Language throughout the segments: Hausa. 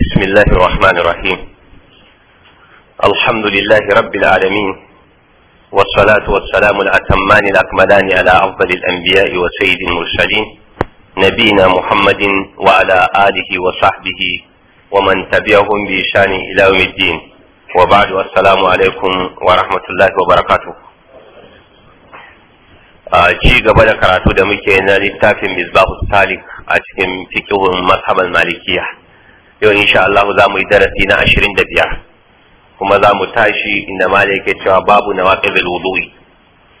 بسم الله الرحمن الرحيم الحمد لله رب العالمين والصلاة والسلام الأتمان الأكملان على أفضل الأنبياء وسيد المرسلين نبينا محمد وعلى آله وصحبه ومن تبعهم بإشان إلى يوم الدين وبعد السلام عليكم ورحمة الله وبركاته ci gaba da karatu da muke na littafin misbahu salik a cikin fikihun mazhaban yau insha Allah za mu yi darasi na ashirin da biyar kuma za mu tashi inda malai ke cewa babu na waƙe wudu'i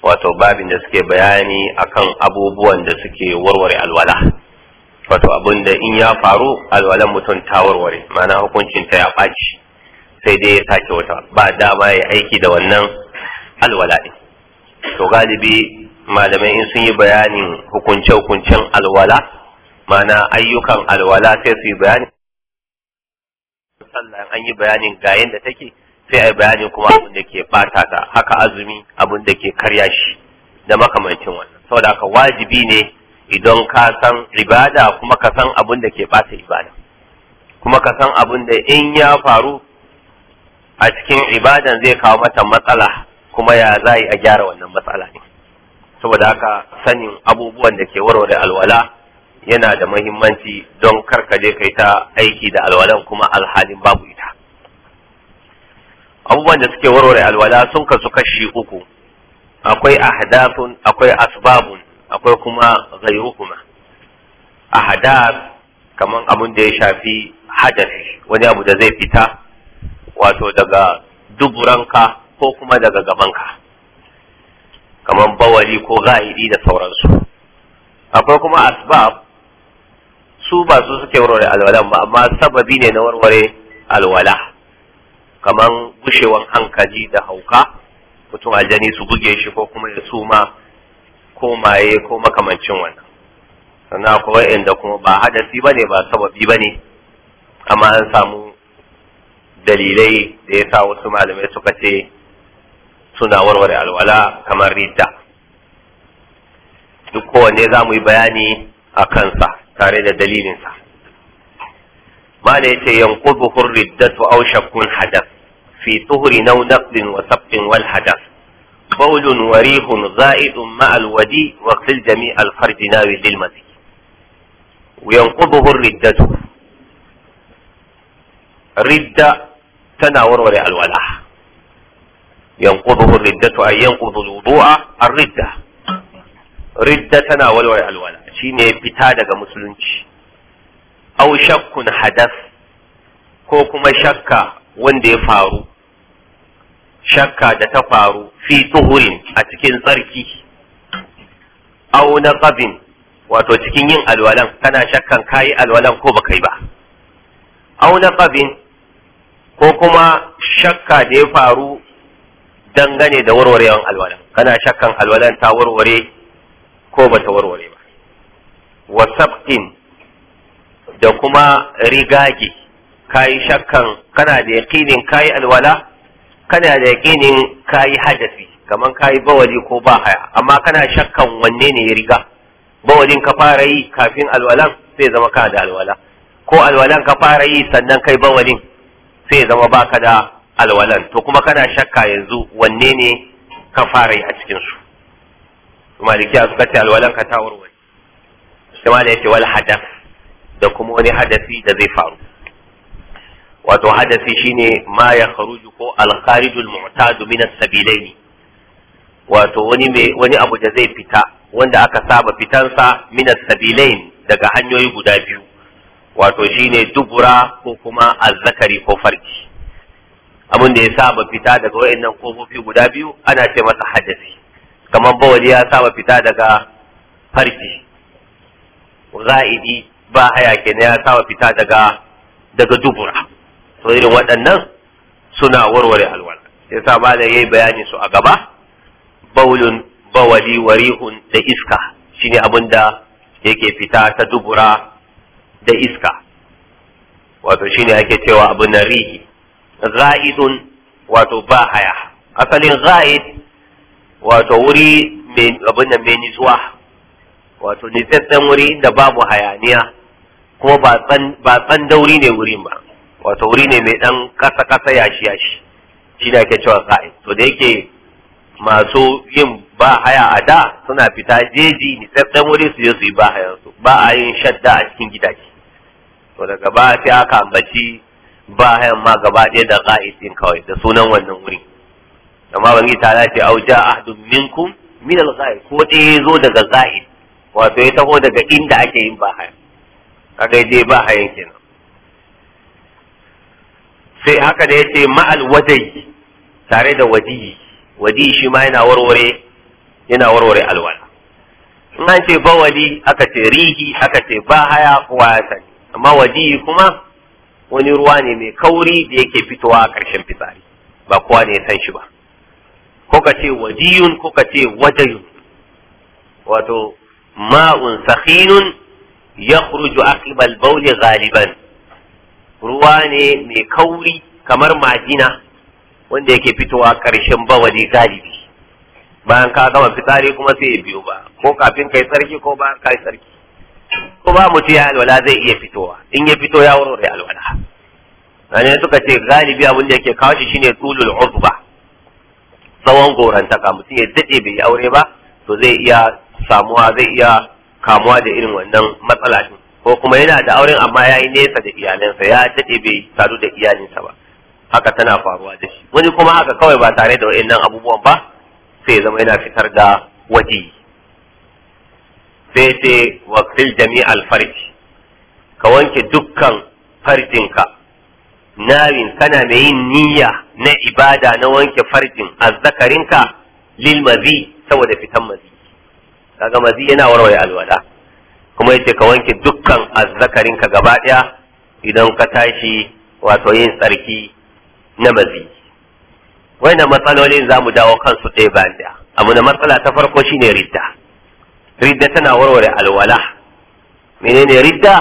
wato babin da suke bayani akan abubuwan da suke warware alwala wato abin da in ya faru alwalan mutum ta warware ma'ana hukuncin ta ya ɓaci sai dai ya sake wata ba dama ya aiki da wannan alwala ɗin to galibi malamai in sun yi bayanin hukunce-hukuncen alwala ma'ana ayyukan alwala sai su yi bayani sallah an yi bayanin ga yanda take sai ai bayani kuma abin da ke bata ta haka azumi abin da ke karya shi da makamancin wannan saboda haka wajibi ne idan ka san ibada kuma ka san abin da ke bata ibada kuma ka san abin da in ya faru a cikin ibadan zai kawo mata matsala kuma ya za a gyara wannan matsala ne saboda haka sanin abubuwan da ke warware alwala yana da mahimmanci don je kai ta aiki da alwalan kuma alhalin babu ita abubuwan da suke warware alwala sun kasu kashi uku akwai ahdathun akwai asbabun akwai kuma ghayruhuma ahdath kaman abun da ya shafi hadafi wani abu da zai fita wato daga duburanka ko kuma daga gabanka kaman bawali ko ga'idi da sauransu akwai kuma asbab su ba su suke warware alwalan ba amma sababi ne na warware alwala kaman bushewan hankali da hauka mutum aljani su buge shi ko kuma ya suma ko maye ko makamancin wannan sannan akwai wa'inda kuma ba hadasi ba ne ba sababi ba ne amma an samu dalilai da ya sa wasu malamai suka ce suna warware alwala kamar ridda duk kowanne za mu yi bayani a kansa tare da dalilinsa mala yace yanquduhu hurriddat wa shakkun hadaf fi tuhri naw naqdin wa sabqin wal hadath بول وريح غائد مع الودي واغسل جميع الفرد ناوي للمسيح وينقضه الردة ردة تناور ورع الولاء ينقضه الردة أي ينقض الوضوء الردة ردة تناول ورع الولاء Shi ne fita daga musulunci au shakkun hadas ko kuma shakka wanda ya faru shakka da ta faru fi tuhurin a cikin tsarki au na naqabin wato cikin yin alwalan kana shakkan kayi alwalan ko ba kai ba Au na naqabin ko kuma shakka da ya faru dangane da warwarewan alwalan kana shakkan alwalan ta warware ko ba ta warware ba wa sabqin da kuma rigage kayi shakkan kana da yaqinin kayi alwala kana da yaqinin kayi hadasi kaman kayi bawali ko ba haya amma kana shakkan wanne ne ya riga bawalin ka fara yi kafin alwalan sai zama ka da alwala ko alwalan ka fara yi sannan kai bawalin sai zama baka da alwalan to kuma kana shakka yanzu wanne ne ka fara yi a cikin su malikiya suka ce alwalan ka ta warware sai ma da yace wal hadas da kuma wani hadasi da zai faru wato hadasi shine ma ya kharuju ko al kharijul mu'tadu min as-sabilaini wato wani mai wani abu da zai fita wanda aka saba fitansa min as-sabilain daga hanyoyi guda biyu wato shine dubura ko kuma zakari ko farki abin da ya saba fita daga wayannan kofofi guda biyu ana ce masa hadasi kamar bawali ya saba fita daga farki za'idi ba haya kenan ya sa wa fita daga daga dubura to irin waɗannan suna warware alwala Ya sa malam yayi bayani su a gaba baulun bawali warihun da iska shine abin da yake fita ta dubura da iska wato shine ake cewa abin na rihi za'idun wato ba haya asalin za'id wato wuri abin da mai nitsuwa wato nitsatsen wuri da babu hayaniya kuma ba tsan dauri ne wurin ba wato wuri ne mai dan kasa kasa yashi yashi shi da ake cewa sa'i to da yake masu yin ba haya a da suna fita jeji nitsatsen wuri su je su yi ba haya su ba a yin shadda a cikin gidaje to daga ba sai aka ambaci ba hayan ma gaba ɗaya da ka'idin kawai da sunan wannan wuri amma bangi ta ce auja ahdun minkum min al ko ɗaya zo daga ka'id wato ya taho daga inda ake yin bahaya kaga je bahayan kenan sai haka da yace ma'al wadai tare da wadi wadi shi ma yana warware yana warware alwala in an ce bawali aka ce rihi aka ce bahaya kowa ya sani amma wadi kuma wani ruwa ne mai kauri da yake fitowa a ƙarshen fitsari ba kowa ne ya san shi ba ko ka ce wadiyun ko ka ce wadayun wato ma'un sakhinun يخرج aqib البول غالبا رواني ruwa ne mai kauri kamar wanda yake fitowa karshen bawali galibi bayan ka gama fitsari kuma sai ya biyo ba ko kafin kai sarki ko ba kai sarki ko ba mutu ya alwala zai iya fitowa in ya fito ya da alwala ne suka ce galibi abin da yake kawo shi shine tulul urba tsawon ka mutum ya dade bai aure ba to zai iya samuwa zai iya kamuwa da irin wannan matsala din ko kuma yana da auren amma ya yi nesa da iyalinsa ya daɗe bai sadu da iyalinsa ba haka tana faruwa da shi wani kuma haka kawai ba tare da wayannan abubuwan ba sai zama yana fitar da waje sai ce wakil jami'al ka wanke dukkan farjinka nawin kana mai yin niyya na ibada na wanke farjin azzakarinka lil mazi saboda fitan mazi kaga mazi yana warware alwala kuma yace ka wanke dukkan azzakarin ka gaba daya idan ka tashi wato yin tsarki na mazi wannan matsalolin za mu dawo kansu ɗaya bayan ɗaya abu na matsala ta farko shine ridda ridda tana warware alwala menene ridda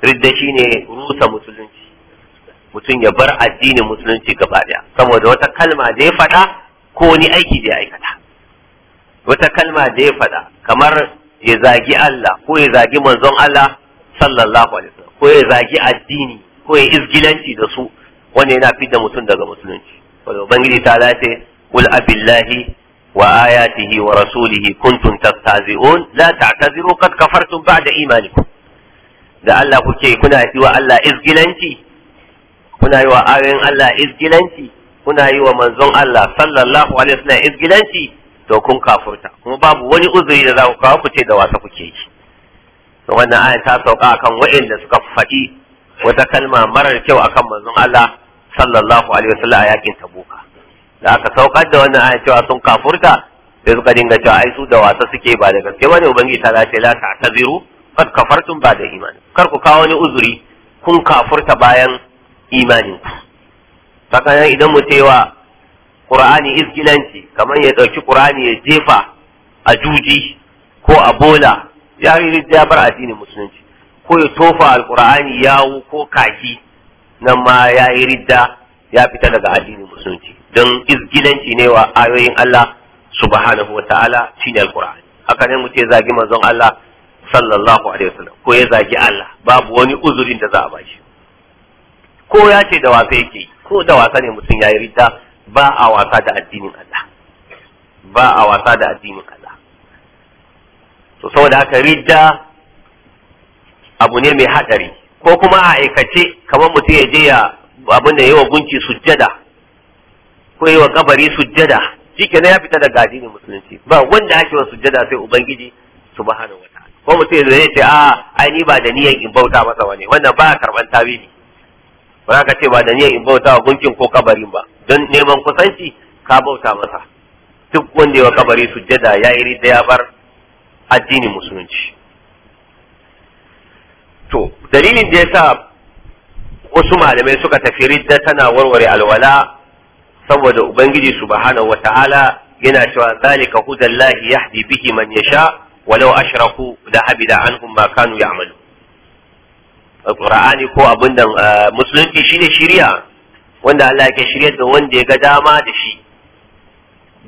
ridda shine rusa musulunci mutum ya bar addinin musulunci gaba daya saboda wata kalma da ya faɗa ko ni aiki da ya aikata wata kalma da ya faɗa kamar ya zagi Allah ko ya zagi manzon Allah sallallahu alaihi wasallam ko ya zagi addini ko ya izgilanci da su wanda yana fidda mutum daga musulunci wanda ubangiji ta lace qul abillahi wa ayatihi wa rasulihi kuntum tastazi'un la ta'taziru qad kafartum ba'da imanikum da Allah kuke kuna yi wa Allah izgilanci kuna yi wa ayoyin Allah izgilanci kuna yi wa manzon Allah sallallahu alaihi wasallam izgilanci to kun kafurta kuma babu wani uzuri da za ku kawo ku ce da wasa kuke yi to wannan ayat ta sauka akan waɗanda suka faɗi wata kalma marar kyau akan manzon Allah sallallahu alaihi wasallam a yakin tabuka da aka saukar da wannan ayat cewa sun kafurta sai suka dinga cewa ai su da wasa suke ba da gaske bane ubangiji ta lace la ta'taziru kad kafartum ba da imani kar ku kawo wani uzuri kun kafurta bayan imanin ku sakanan idan mu wa. qur'ani iskilanci kamar ya ɗauki qur'ani ya jefa a juji ko a bola ya yi ya bar addinin musulunci ko ya tofa alqur'ani yawo ko kaki nan ma ya yi ridda ya fita daga addinin musulunci don izgilanci ne wa ayoyin Allah subhanahu wa ta'ala shine alqur'ani haka ne mutum zagi manzon Allah sallallahu alaihi wasallam ko ya zagi Allah babu wani uzurin da za a bashi ko ya ce da wasa yake ko da wasa ne mutum ya yi ridda ba a wasa da addinin Allah ba a wasa da addinin Allah to saboda haka ridda abu ne mai hadari ko kuma a aikace kamar mutum ya je ya abin da yawa gunki sujjada ko yawa kabari sujjada shikenan ya fita daga addinin musulunci ba wanda ake wa sujjada sai ubangiji subhanahu wataala ko mutum ya zo ya ce a ah, ai ni ba da niyan in bauta masa wani wannan ba karban tawili ba ka ce ba da niyyar in bauta wa gunkin ko kabarin ba don neman kusanci ka bauta masa duk wanda ya kabari sujjada ya yi rita ya bar addinin musulunci to dalilin da ya sa wasu malamai suka tafi ridda tana warware alwala saboda ubangiji subhanahu wata'ala yana cewa zalika hudallahi yahdi bihi man yasha walau ashraku da habida anhum ma kanu ya'malu qur'ani ko abin da eh, musulunci shine shiriya wanda Allah yake shiryar da wanda ya ga dama da shi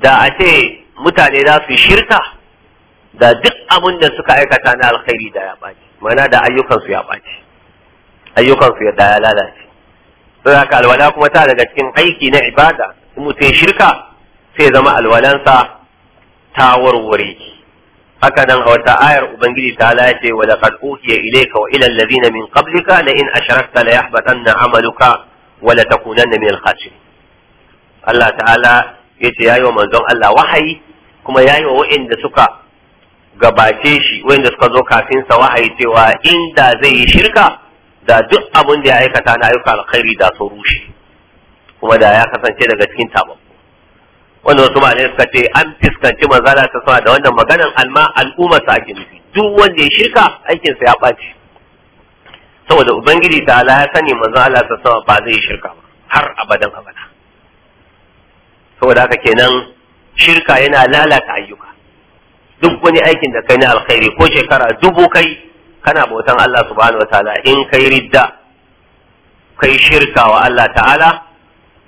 da a ce mutane za su shirka da duk abin da suka aikata na alkhairi da ya ɓaci mana da ayyukansu ya ɓaci ayyukansu ya da ya lalace sai ka alwala kuma ta daga cikin aiki na ibada mutum shirka sai zama alwalansa ta warware haka nan a wata ayar ubangiji ta lace wa laqad uhiya ilayka wa ila alladhina min qablika la in ashrakta la yahbatanna amaluka wa la takunanna min al-khasirin Allah ta'ala yace yayi wa manzon Allah wahayi kuma yayi wa wa'inda suka gabace shi wa'inda suka zo kafin sa wahayi cewa inda zai yi shirka da duk abin da ya aikata na ayyuka alkhairi da su rushe kuma da ya kasance daga cikin tabab wanda wasu ba suka ce an fiskanci manzala ta sama da wannan maganan alma al'umma ta ake nufi duk wanda ya shirka aikin sa ya ɓaci saboda ubangiji ta ala ya sani maza Allah ta sama ba zai shirka ba har abadan abada saboda haka kenan shirka yana lalata ayyuka duk wani aikin da kai na alkhairi ko shekara dubu kai kana bautan Allah subhanahu wataala in kai ridda kai shirka wa Allah ta'ala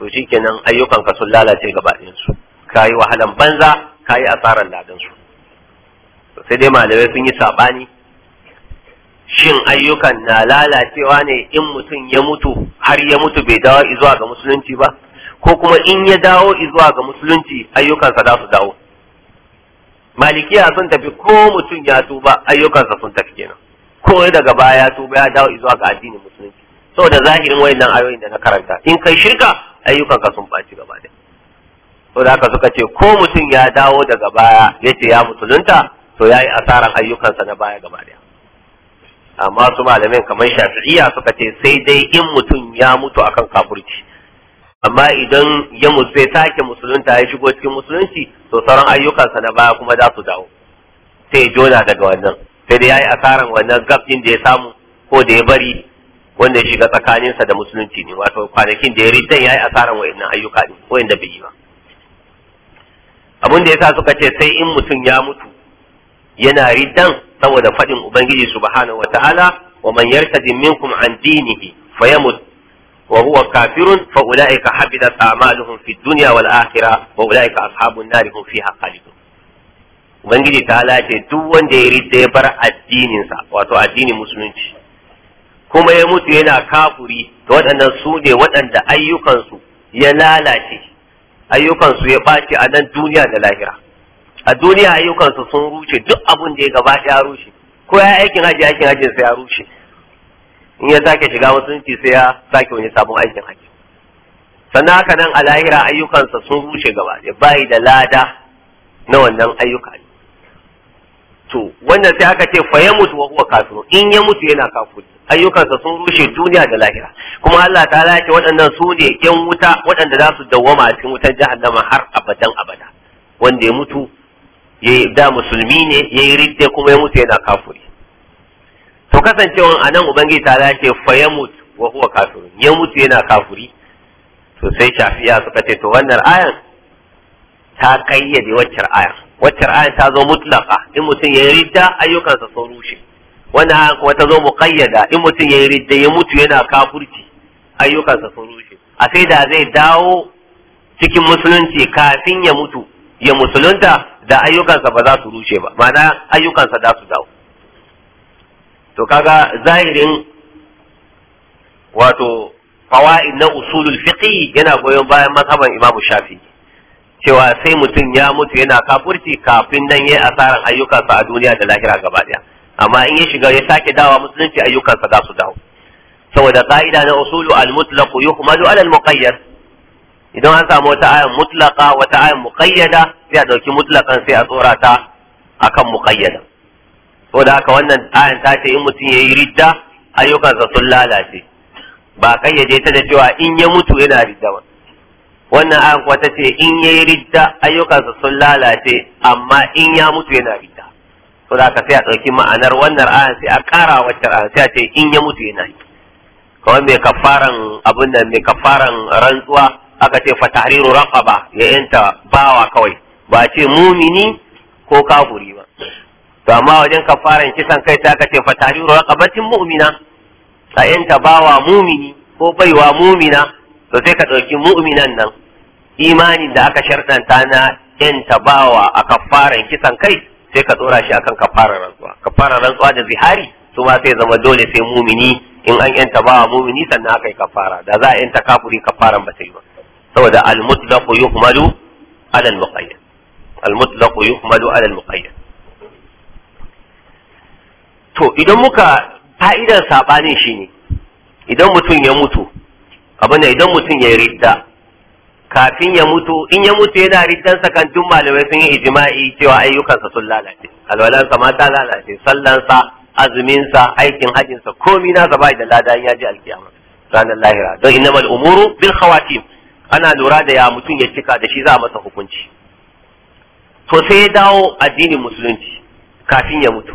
to ayyukan ka sun lalace gaba ɗayan su kayi wahalan banza kayi asaran ladan su sai dai malamai sun yi sabani shin ayyukan na lalacewa ne in mutum ya mutu har ya mutu bai dawo zuwa ga musulunci ba ko kuma in ya dawo zuwa ga musulunci ayyukansa za su dawo malikiya sun tafi ko mutum ya tuba ayyukansa sun tafi kenan ko daga baya ya tuba ya dawo zuwa ga addinin musulunci saboda zahirin wayannan ayoyin da na karanta in kai shirka ayyukanka sun baci gaba ɗaya to da haka suka ce ko mutum ya dawo daga baya yace ya musulunta to ya yi asaran ayyukansa na baya gaba daya amma su malamin kamar shafi'iya suka ce sai dai in mutum ya mutu akan kafurci amma idan ya mutu sake musulunta ya shigo cikin musulunci to sauran ayyukansa na baya kuma za su dawo sai ya jona daga wannan sai dai ya yi asaran wannan gabjin da ya samu ko da ya bari wanda ya shiga tsakaninsa da musulunci ne wato kwanakin da ya riddan ya yi asaran wa'annan ayyuka ne wa'anda bai yi ba abin da yasa suka ce sai in mutum ya mutu yana riddan saboda faɗin ubangiji subhanahu wataala wa man yartadi minkum an dinihi fayamut wa huwa kafirun fa ulaika habidat a'maluhum fi dunya wal akhirah wa ulaika ashabun nar hum fiha khalidun ubangiji ta ce duk wanda ya ridda ya bar addinin sa wato addinin musulunci kuma ya mutu yana kafuri to waɗannan su ne waɗanda ayyukansu ya lalace ayyukansu ya ɓaci a nan duniya da lahira a duniya ayyukansu sun rushe duk abun da ya gaba ya rushe ko ya aikin haji aikin hajin sai ya rushe in ya sake shiga musulunci sai ya sake wani sabon aikin haji sannan haka nan a lahira ayyukansa sun rushe gaba ya bayi da lada na wannan ayyuka to wannan sai aka ce fa ya wa huwa kafiru in ya mutu yana kafiri ayyukansa sun rushe duniya da lahira kuma Allah ta lake waɗannan su ne yan wuta waɗanda za su dawwama a cikin wutar jahannama har abadan abada wanda ya mutu ya da musulmi ne ya yi ridde kuma ya mutu yana kafuri to kasancewa a nan ubangiji ta lake fayamut wa huwa kafirun ya mutu yana kafuri to sai shafiya suka ce to wannan ayan ta kayyade waccar ayan waccar ayan ta zo mutlaka in mutum ya yi ridda ayyukansa sun rushe wannan wata zo mu kayyada in mutum yayi ridda ya mutu yana kafurci ayyukansa sun rushe a sai da zai dawo cikin musulunci kafin ya mutu ya musulunta da ayyukansa ba za su rushe ba ma'ana ayyukansa za su dawo to kaga zahirin wato fawa'in na usulul fiqi yana goyon bayan mazhaban imamu Shafi cewa sai mutum ya mutu yana kafurci kafin nan ya yi asarar ayyukansa a duniya da lahira gaba daya amma in ya shiga ya sake dawa musulunci ayyukansa za su dawo saboda ka'ida na usulu al-mutlaq yuhmalu ala al-muqayyad idan an samu wata ayan mutlaqa wata ayan muqayyada sai a dauki mutlaqan sai a tsora ta akan muqayyada saboda haka wannan ayan ta ce in mutum yayi ridda ayyukansa sun lalace ba kayyade ta da cewa in ya mutu yana ridda ba wannan ayan kuwa ta ce in yayi ridda ayyukansa sun lalace amma in ya mutu yana ridda so da ka sai a ɗauki ma'anar wannan ayan sai a ƙara wacce ayan sai a ce in ya mutu yana yi kamar mai kafaran abin nan mai kafaran rantsuwa aka ce fatahriru raqaba ya yanta bawa kawai ba ce mumini ko kafuri ba to amma wajen kafaran kisan kai ta aka ce fatahriru raqabatin mu'mina a yanta bawa mumini ko baiwa mumina to sai ka ɗauki mu'minan nan imanin da aka sharɗanta na yanta bawa a kafaran kisan kai sai ka tsora shi akan kafarar rantsuwa kafarar rantsuwa da zihari su ma sai zama dole sai mumini in an yanta ba mumini sannan aka yi kafara da za a yanta kafuri kafaran ba sai ba saboda al-mutlaqu yuhmalu ala al-muqayyad al-mutlaqu yuhmalu ala al-muqayyad to idan muka fa'idar sabanin shine idan mutum ya mutu abin da idan mutum ya ridda kafin ya mutu in ya mutu yana riddan sakantun malamai sun yi ijma'i cewa ayyukansa sun lalace alwalansa ma ta lalace sallansa azuminsa aikin sa komi na zaba da lada ya ji alkiyama ranar lahira don innamal umuru bil khawatim ana lura da ya mutum ya cika da shi za a masa hukunci to sai ya dawo addinin musulunci kafin ya mutu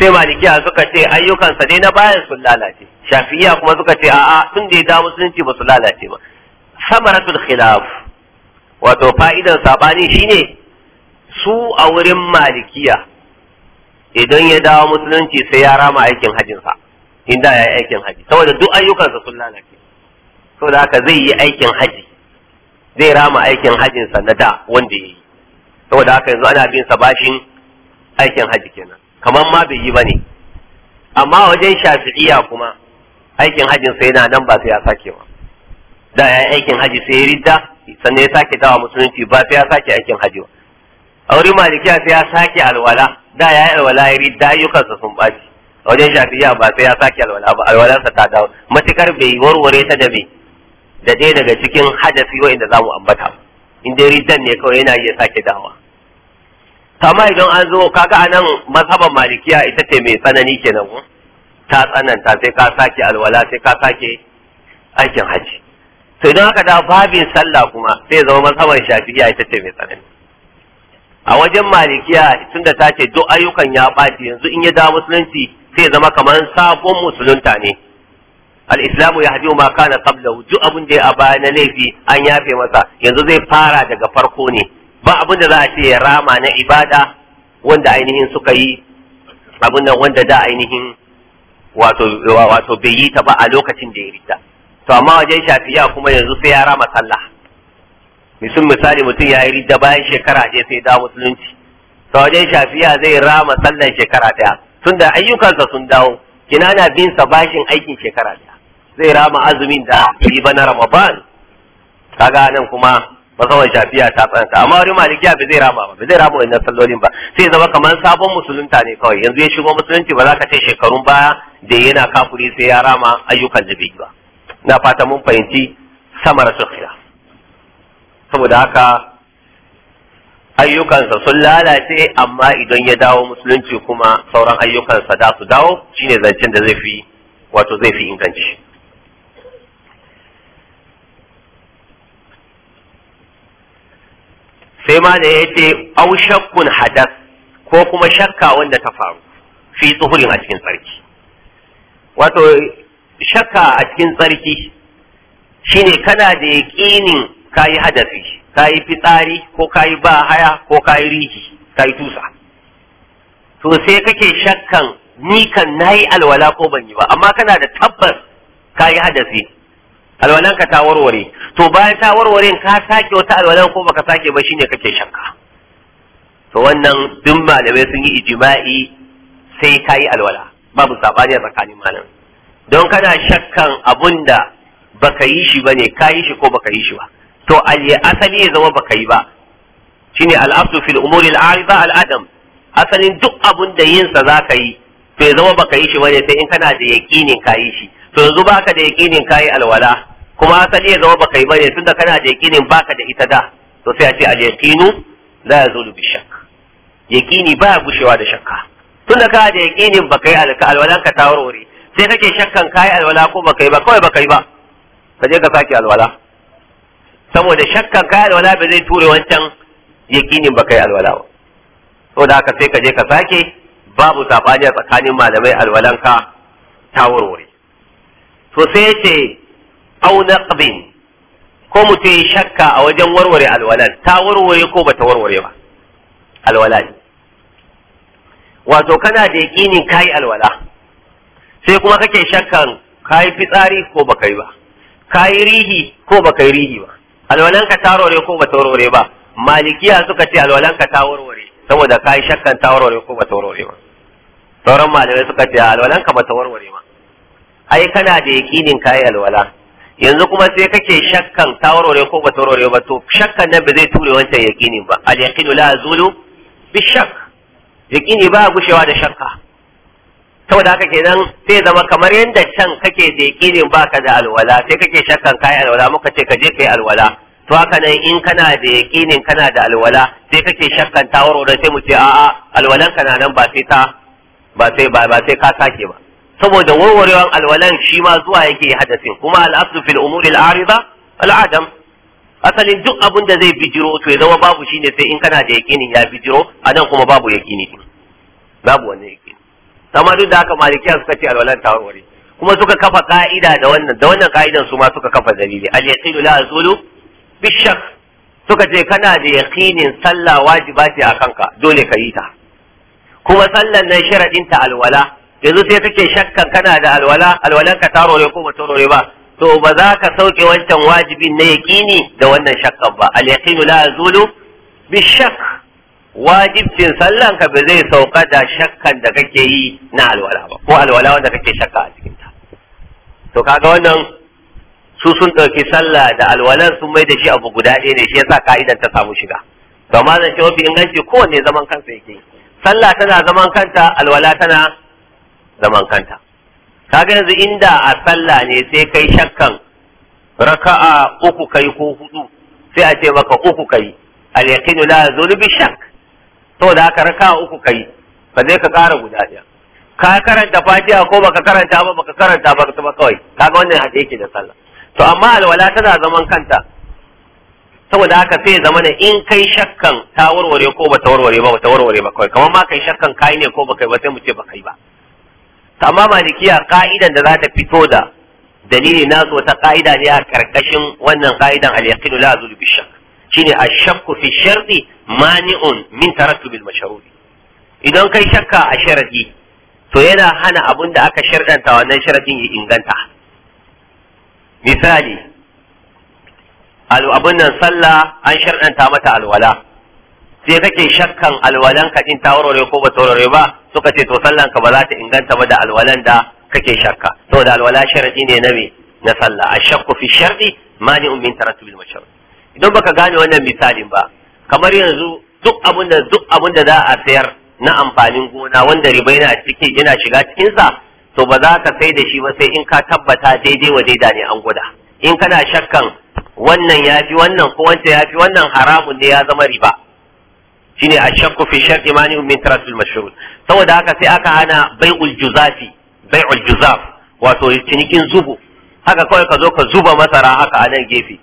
sai malikiya suka ce ayyukansa dai na bayan sun lalace shafiya kuma suka ce a'a tun da ya dawo musulunci ba su lalace ba samaratul khilaf wato fa'idan sabani shine su a wurin malikiya idan ya dawo musulunci sai ya rama aikin hajjinsa inda ya yi aikin haji saboda duk ayyukansa sun lalace saboda haka zai yi aikin haji zai rama aikin hajjinsa na da wanda ya yi saboda haka yanzu ana bin sa bashin aikin haji kenan kamar ma bai yi ba ne amma wajen shafi'iya kuma aikin hajjinsa yana nan ba sai ya sake ba da ya aikin haji sai ya ridda sannan ya sake dawa musulunci ba sai ya sake aikin haji ba a wurin malikiya sai ya sake alwala da ya yi alwala ya ridda ayyukansa sun baci a wajen shafiya ba sai ya sake alwala ba alwalarsa ta dawo matukar bai warware ta da bai da ɗaya daga cikin hadafi wa'inda za mu ambata in dai riddan ne kawai yana iya sake dawa kama idan an zo kaga anan mazhaban malikiya ita ce mai tsanani kenan ta tsananta sai ka sake alwala sai ka sake aikin haji to idan aka da babin sallah kuma sai zama mazhaban shafi'iyya ita ce mai tsanani a wajen malikiya tunda ta ce duk ayyukan ya ɓaci yanzu in ya da musulunci sai zama kamar sabon musulunta ne al-islamu ya hadiyu ma kana qablahu duk abin da ya baya na laifi an yafe masa yanzu zai fara daga farko ne ba abin da za a ce ya rama na ibada wanda ainihin suka yi abin nan wanda da ainihin wato wato bai yi ta ba a lokacin da ya rita to amma wajen shafiya kuma yanzu sai ya rama sallah misal misali mutum ya yi ridda bayan shekara ɗaya sai dawo musulunci to wajen shafiya zai rama sallah shekara ɗaya tunda ayyukansa sun dawo kina na bin sa bashin aikin shekara ɗaya zai rama azumin da yi bana na ramadan kaga nan kuma masawan shafiya ta tsananta amma wani malikiya ba zai rama ba ba zai rama wannan sallolin ba sai zama kamar sabon musulunta ne kawai yanzu ya shigo musulunci ba za ka ce shekarun baya da yana kafuri sai ya rama ayyukan da bai ba na fata mun fahimci samar sufiya saboda haka ayyukansa sun lalace amma idan ya dawo musulunci kuma sauran ayyukansa da su dawo shine zancen da zai fi wato zai fi inganci sai ma da ya ce au shakkun hadas ko kuma shakka wanda ta faru fi tsuhurin a cikin sarki wato shakka a cikin tsarki shine kana da yaƙinin kayi hadafi yi fitsari ko kayi ba haya ko ka riki riji yi tusa to sai kake shakkan ni kan yi alwala ko ban yi ba amma kana da tabbas yi hadafi alwalan ka ta warware to bayan ta warware ka sake wata alwalan ko baka sake ba shine kake shakka to wannan duk malamai sun yi ijima'i sai ka yi alwala babu saɓani a tsakanin malamai don kana shakkan abun da baka yi shi bane ka yi shi ko baka yi shi ba to alye asali ya zama baka yi ba shine al'asu fil umuri al'arida al'adam asalin duk abun da yin sa zaka yi to ya zama baka yi shi bane sai in kana da yaqinin ka yi shi to yanzu baka da yaqinin ka yi alwala kuma asali ya zama baka yi bane da kana da yaqinin baka da ita da to sai a ce al-yaqinu la yazulu bi shakk yaqini ba gushewa da shakka da kana da yaqinin baka yi alwala ka tawarware sai kake shakkan kayi alwala ko baka yi ba kawai baka yi ba ka je ka sake alwala saboda shakkan kayi alwala ba zai ture wancan yakinin baka yi alwala ba saboda haka sai ka je ka sake babu sabani tsakanin malamai alwalanka ta warware to sai ce au naqbin ko mutum yi shakka a wajen warware alwalan ta warware ko bata warware ba alwala ne wato kana da yakinin kayi alwala sai kuma kake shakkan yi fitsari ko baka yi ba yi rihi ko baka yi rihi ba alwalan ka tarore ko ba tarore ba malikiya suka ce alwalan ka warware saboda yi shakkan warware ko ba tarore ba sauran malamai suka ce alwalan ka ba tawarware ba ai kana da yakinin yi alwala yanzu kuma sai kake shakkan warware ko ba warware ba to shakkan nan ba zai ture wancan yakinin ba al yaqinu la zulu bi shakk yakini ba gushewa da shakka saboda haka kenan sai zama kamar yadda can kake da yakinin baka da alwala sai kake shakkan kai alwala muka ce ka je kai alwala to haka nan in kana da yakinin kana da alwala sai kake shakkan tawaro da sai mu ce a'a alwalan na nan ba sai ta ba sai ba ba sai ka sake ba saboda warwarewan alwalan shi ma zuwa yake hadasin kuma al'asu fil umuri al'arida al'adam asalin duk abin da zai bijiro to ya zama babu shine sai in kana da yakinin ya bijiro anan kuma babu yakini babu wani kamar duk da haka malikiya suka ce alwalan ta warware kuma suka kafa ka'ida da wannan da wannan ka'idan su ma suka kafa dalili al yaqinu la azulu bishak suka ce kana da yaqinin sallah wajiba ce a kanka dole ka yi ta kuma sallan nan sharadin ta alwala yanzu sai kake shakkan kana da alwala alwalan ka tarore ko ba tarore ba to ba za ka sauke wancan wajibin na yaqini da wannan shakkan ba al yaqinu la azulu bishak wajibcin sallan ka ba zai sauka da shakkan da kake yi na alwala ba ko alwala wanda kake shakka a cikin ta to kaga wannan su sun dauki sallah da alwalan sun mai da shi abu guda ɗaya ne shi yasa ka'idan ta samu shiga to amma zan ce mafi inganci kowanne zaman kansa yake sallah tana zaman kanta alwala tana zaman kanta kaga yanzu inda a sallah ne sai kai shakkan raka'a uku kai ko hudu sai a ce maka uku kai al-yaqinu la zulbi shakk saboda haka raka uku kai ka je ka kara guda ɗaya ka karanta fatiha ko baka karanta ba baka karanta ba ka kawai kaga wannan haɗe yake da sallah to amma alwala tana zaman kanta saboda haka sai zama ne in kai shakkan ta warware ko ba ta warware ba ba ta warware ba kawai kamar ma kai shakkan kai ne ko ba kai ba sai mu ce ba kai ba amma malikiya ka'idan da za ta fito da dalili na wata ta ka'ida ne a karkashin wannan ka'idan al-yaqinu la azul bishak shine ashakku fi sharri mani'un min tarakkubil mashrubi idan kai shakka a sharadi to yana hana abun da aka shardanta wannan sharadin ya inganta misali abun nan sallah an shardanta mata alwala sai kake shakkan alwalan ka din ta warware ko ba ta warware ba suka ce to sallan ka ba za ta inganta ba da alwalan da kake shakka to da alwala sharadi ne na me na sallah ashakku fi sharri mani'un min tarakkubil mashrubi idan baka gane wannan misalin ba kamar yanzu duk abin da duk abin da za a sayar na amfanin gona wanda riba yana ciki yana shiga cikin sa to ba za ka sai da shi ba sai in ka tabbata daidai wa daida ne an guda in kana shakkan wannan ya fi wannan ko wanda ya fi wannan haramun ne ya zama riba shine a shakku fi shar'i mani min tarasul mashrur saboda haka sai aka hana bai'ul juzafi bai'ul juzaf wato cinikin zubu haka kawai ka zo ka zuba masara haka a nan gefe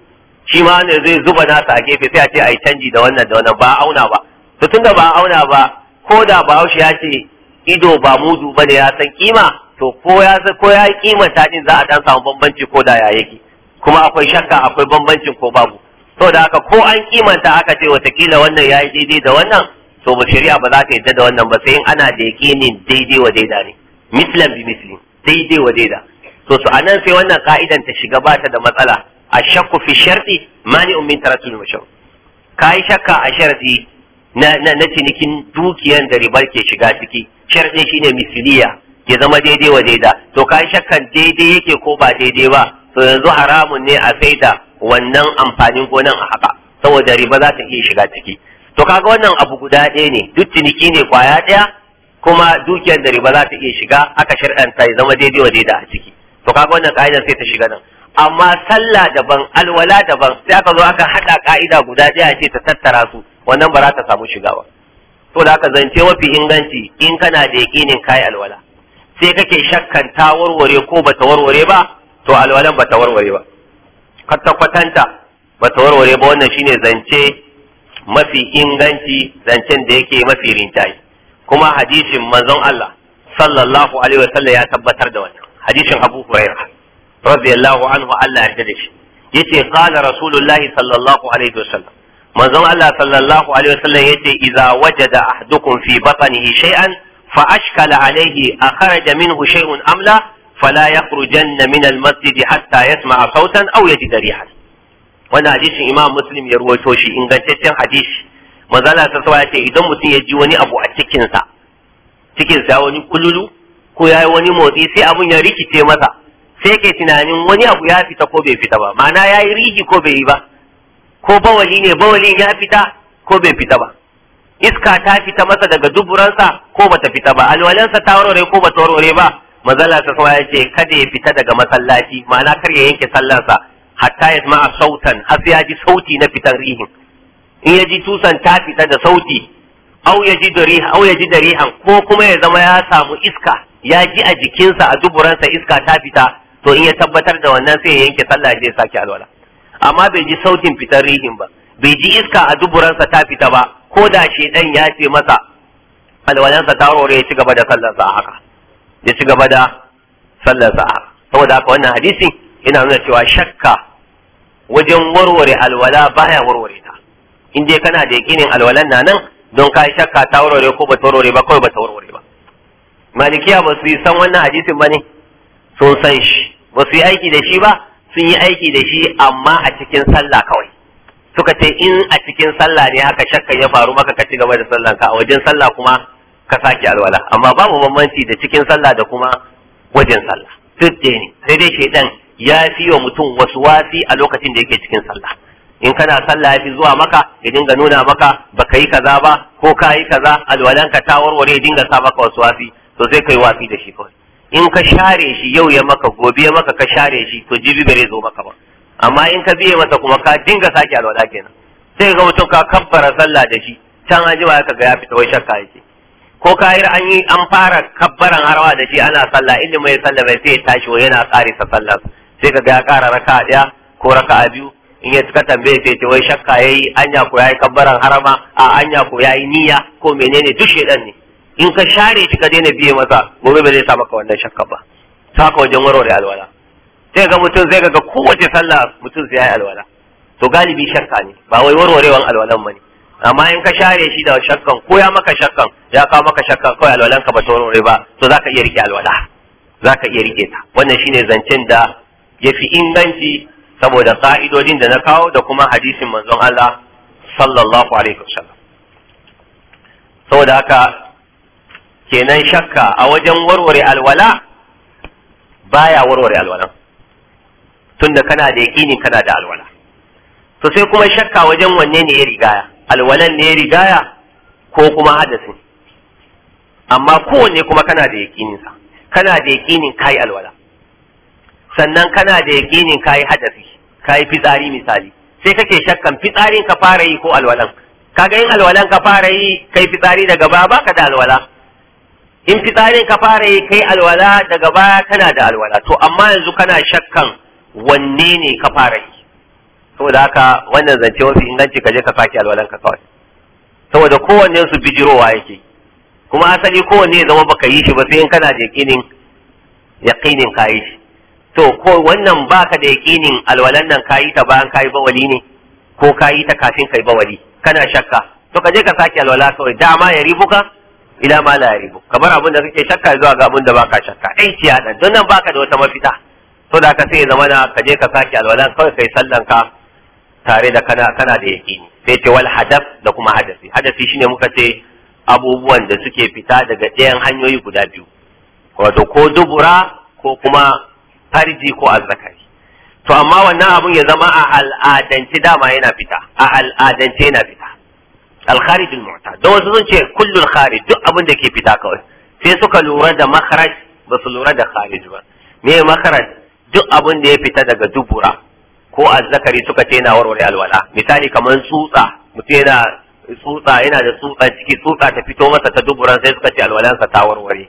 shi ma ne zai zuba nasa a gefe sai a ce a yi canji da wannan da wannan ba auna ba to tun da ba auna ba ko da bahaushe ya ce ido ba mudu ne ya san kima to ko ya ko ya kimanta din za a dan samu bambanci ko da ya yake kuma akwai shakka akwai bambancin ko babu da haka ko an kimanta aka ce watakila wannan ya yi daidai da wannan to ba shari'a ba za ta yadda da wannan ba sai in ana da yakinin daidai wa daida ne mislan bi mislin daidai wa daida to su anan sai wannan ka'idan ta shiga ba ta da matsala ashakku fi sharti mani'un ma tarasul ka yi shakka a sharɗi na cinikin dukiyar da ribar ke shiga ciki sharti shine misiriya ya zama daidai wa daida to kai shakkan daidai yake ko ba daidai ba to yanzu haramun ne a saida wannan amfanin gonan a haka saboda riba za ta iya shiga ciki to kaga wannan abu guda ɗaya ne duk ciniki ne kwaya ɗaya kuma dukiyar da riba za ta iya shiga aka sharɗanta ya zama daidai wa daida a ciki to kaga wannan ka'idar sai ta shiga nan amma sallah daban alwala daban sai aka zo aka hada ka'ida guda ɗaya ce ta tattara su wannan ba za ta samu shiga ba to da aka zance mafi inganci in kana da yakinin kai alwala sai kake shakkan ta warware ko ba ta warware ba to alwalan ba ta warware ba Ka kwatanta ba ta warware ba wannan shine zance mafi inganci zancen da yake mafi rintayi kuma hadisin manzon Allah sallallahu alaihi wasallam ya tabbatar da wannan hadisin Abu Hurairah رضي الله عنه الله يرجدش يتي قال رسول الله صلى الله عليه وسلم ما زال الله صلى الله عليه وسلم يتي إذا وجد أحدكم في بطنه شيئا فأشكل عليه أخرج منه شيء أم لا فلا يخرجن من المسجد حتى يسمع صوتا أو يجد ريحا وانا حديث إمام مسلم يروي توشي إن كان تتن حديث ما زال إذا مسلم يجيوني أبو أتكنسا تكنسا وني كللو كو ياي وني موتي سي أبو نريكي تيمسا sai ke tunanin wani abu ya fita ko bai fita ba ma'ana ya yi rihi ko bai yi ba ko bawali ne bawalin ya fita ko bai fita ba iska ta fita masa daga duburansa ko bata fita ba alwalansa ta warware ko bata warware ba mazala ta kuma ya ce kada ya fita daga masallaci ma'ana kar ya yanke sallarsa hatta ya ma'a sautan har ya ji sauti na fitan rihin in ya ji tusan ta fita da sauti au ya ji darihan ko kuma ya zama ya samu iska ya ji a jikinsa a duburansa iska ta fita to in ya tabbatar da wannan sai ya yanke sallah ya sake alwala amma bai ji sautin fitar rihin ba bai ji iska a duburansa ta fita ba ko da shedan ya ce masa alwalansa ta rore ya ci gaba da sallarsa a haka ya ci gaba da sallarsa a haka saboda haka wannan hadisi ina nuna cewa shakka wajen warware alwala baya warware ta in dai kana da yakinin alwalan na nan don ka shakka ta warware ko ba ta warware ba kawai ba ta warware ba malikiya ba su yi san wannan hadisin ba ne sun san shi ba su yi aiki da shi ba sun yi aiki da shi amma a cikin sallah kawai suka ce in a cikin sallah ne haka shakka ya faru maka ka ci gaba da sallan ka a wajen sallah kuma ka sake alwala amma babu bambanci da cikin sallah da kuma wajen sallah duk ne sai dai shedan ya fi wa mutum wasu wasi a lokacin da yake cikin sallah in kana sallah ya fi zuwa maka ya dinga nuna maka baka yi kaza ba ko ka yi kaza alwalanka ta warware ya dinga sa maka wasu wasi to sai kai wasi da shi kawai in ka share shi yau ya maka gobe ya maka ka share shi to jibi bare zo maka ba amma in ka biye masa kuma ka dinga sake alwala kenan sai ga mutum ka kabbara sallah da shi can an jima ka ga ya fita wai shakka yake ko ka yi an yi an fara kabbaran harwa da shi ana sallah inda mai sallah bai sai ya tashi wai yana kare sa sallah sai ka ga ya kara raka daya ko raka biyu in ya suka tambaye sai ce wai shakka yayi anya ko yayi kabbaran harama a anya ko yayi niyya ko menene duk shedan ne in ka share shi ka daina biye masa gobe ba zai sa maka wannan shakka ba ta ka wajen warware alwala sai ga mutum zai ga kowace sallah mutum sai yi alwala to galibi shakka ne ba wai warwarewan alwalan ba ne amma in ka share shi da shakkan ko ya maka shakkan ya kawo maka shakkan kawai alwalan ka ba ta warware ba to zaka iya rike alwala zaka iya rike ta wannan shine zancen da yafi inganci saboda ka'idodin da na kawo da kuma hadisin manzon Allah sallallahu alaihi wasallam saboda haka kenan shakka a wajen warware alwala baya warware alwala tunda kana da yaƙinin kana da alwala to sai kuma shakka wajen wanne ne ya rigaya alwalan ne ya rigaya ko kuma hadasin amma kowanne kuma kana da sa, kana da yaƙinin kai alwala sannan kana da yaƙinin kai hadasi kai fitsari misali sai kake shakkan fitsarin ka fara yi ko alwalan kaga yin alwalan ka fara yi kai fitsari daga baba ka da alwala in fitsarin ka fara yi kai alwala daga baya kana da alwala to amma yanzu kana shakkan wanne ne ka fara yi saboda haka wannan zance wasu inganci ka je ka sake alwalan ka kawai saboda kowanne su bijirowa yake kuma asali kowanne ya zama baka yi shi ba sai in kana da yakinin yakinin ka yi shi to ko wannan baka da yakinin alwalan nan ka yi ta bayan ka yi bawali ne ko ka yi ta kafin ka yi bawali kana shakka to ka je ka sake alwala kawai dama ya ribuka ila ma la yaribu kamar abin da kake shakka zuwa ga abin da baka shakka aiki ciya dan don nan baka da wata mafita to da ka sai zamana ka je ka sake alwalan kawai kai sallan ka tare da kana kana da yakini sai ce wal hadaf da kuma hadafi hadasi shine muka ce abubuwan da suke fita daga ɗayan hanyoyi guda biyu wato ko dubura ko kuma farji ko azzakari to amma wannan abun ya zama a al'adance dama yana fita a al'adance yana fita al-kharij al-mu'tad wasu sun ce kullul kharij duk abin da ke fita kawai sai suka lura da makharaj ba su lura da kharij ba me makharaj duk abin da ya fita daga dubura ko azzakari suka ce yana warware alwala misali kamar tsutsa mutum yana tsutsa yana da tsutsa ciki tsutsa ta fito masa ta dubura sai suka ce alwalansa ta warware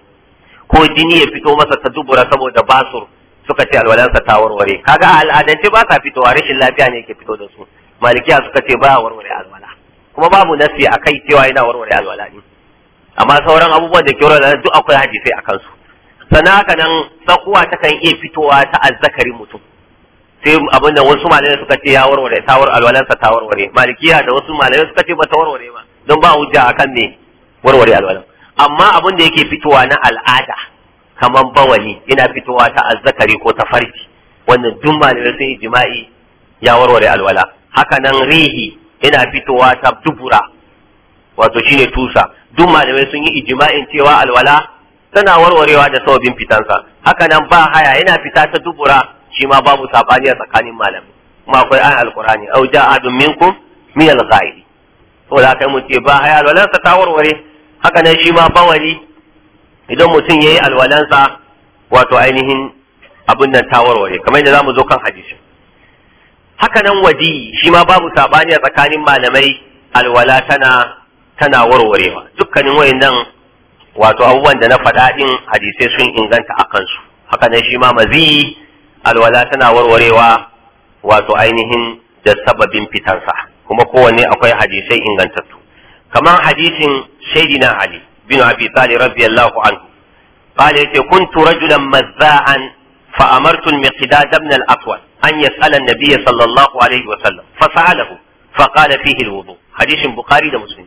ko jini ya fito masa ta dubura saboda basur suka ce alwalansa ta warware kaga al'adance ba ta a rashin lafiya ne ke fito da su malikiya suka ce ba warware alwala kuma babu nasi a kai cewa yana warware alwala ne amma sauran abubuwan da ke warware duk akwai hadisai a kansu sannan haka nan sakuwa ta kan iya fitowa ta azzakari mutum sai abin da wasu malamai suka ce ya warware ta war alwalansa ta warware malikiya da wasu malamai suka ce ba ta warware ba don ba hujja akan me warware alwalan amma abin da yake fitowa na al'ada kamar bawali ina fitowa ta azzakari ko ta farji wannan duk malamai sun yi jima'i ya warware alwala haka nan rihi yana fitowa ta dubura wato shine tusa duk malamai sun yi ijma'in cewa alwala tana warwarewa da sababin fitansa haka nan ba haya yana fita ta dubura shi ma babu sabani a tsakanin malamai kuma akwai ayan alqur'ani aw ja'a adun minkum min al-ghaib to da kai mu ce ba haya alwalansa ta warware haka nan shi ma bawali idan mutum yayi alwalansa wato ainihin abin nan ta warware kamar yadda zamu zo kan hadisi haka nan wadi shi ma babu sabani a tsakanin malamai alwala tana tana warwarewa dukkanin nan wato abubuwan da na faɗa din hadisai sun inganta a kansu haka nan shi ma mazi alwala tana warwarewa wato ainihin da sababin fitansa kuma kowanne akwai hadisai ingantattu kamar hadisin shaidina ali bin abi talib radiyallahu anhu قال يتي كنت رجلا مذاعا fa amartu al-miqdad ibn al-aswad an yas'ala an-nabiy sallallahu alaihi wa sallam fa sa'alahu fa qala fihi al-wudu hadisin bukhari da muslim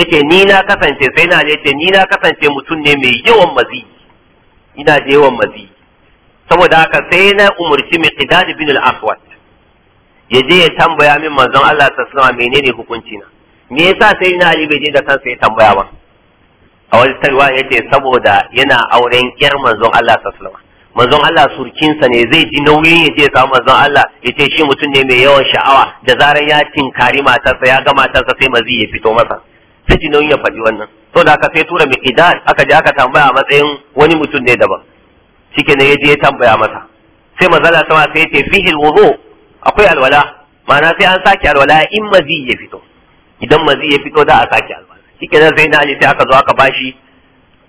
yace ni na kasance sai na yace ni na kasance mutum ne mai yawan mazi ina da yawan mazi saboda haka sai na umurci miqdad ibn al-aswad ya je ya tambaya min manzon Allah sallallahu alaihi menene hukunci na me yasa sai na ali bai je da kansa ya tambaya ba a wani tarwa yace saboda yana auren yar manzon Allah sallallahu manzon Allah surkinsa ne zai ji nauyin ya je ya samu manzon Allah ya ce shi mutum ne mai yawan sha'awa da zaran ya tinkari matarsa ya ga matarsa sai mazi ya fito masa sai ji nauyin ya faɗi wannan to da aka sai tura mai idan aka je aka tambaya a matsayin wani mutum ne daban shike ne ya je ya tambaya masa sai manzon Allah sama sai ya ce fihil wudu akwai alwala ma'ana sai an sake alwala in mazi ya fito idan mazi ya fito da a sake alwala shike nan sai na aka zo aka bashi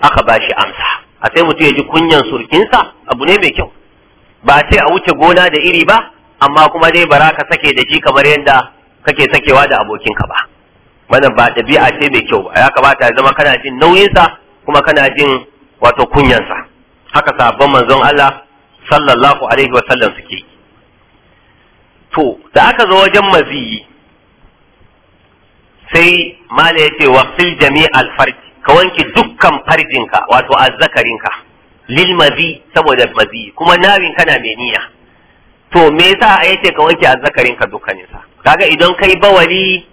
aka bashi amsa a sai mutum ya ji kunyan surkinsa abu ne mai kyau ba a ce a wuce gona da iri ba amma kuma dai bara ka sake da shi kamar yadda kake sakewa da abokinka ba wannan ba ɗabi'a ce mai kyau ba ya kamata ya zama kana jin nauyinsa kuma kana jin wato kunyansa haka sabon manzon Allah sallallahu alaihi wa sallam suke to da aka zo wajen maziyi sai mala yace wa fil jami'al farji ka wanke dukkan farjinka wato azzakarinka lil mazi saboda mazi kuma nawin kana mai niyya to me yasa a yace ka wanke azzakarinka dukkanin sa kaga idan kai bawali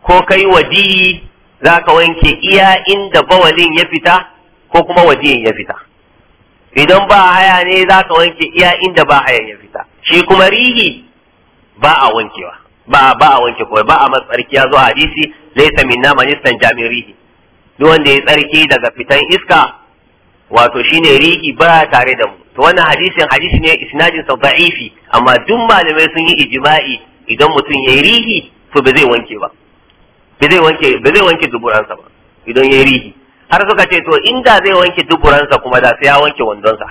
ko kai wadi za ka wanke iya inda bawalin ya fita ko kuma wajiyin ya fita idan ba haya ne za ka wanke iya inda ba haya ya fita shi kuma rihi ba a wankewa ba ba a wanke kawai ba a matsarki ya zo hadisi laysa minna man istanjami rihi duk wanda ya tsarki daga fitan iska wato shine riki ba tare da mu to wannan hadisin hadisi ne isnadin sa da'ifi amma duk malamai sun yi ijma'i idan mutum yayi rihi to ba zai wanke ba ba zai wanke ba zai wanke duburansa ba idan yayi rihi har suka ce to inda zai wanke duburansa kuma da sai ya wanke wandonsa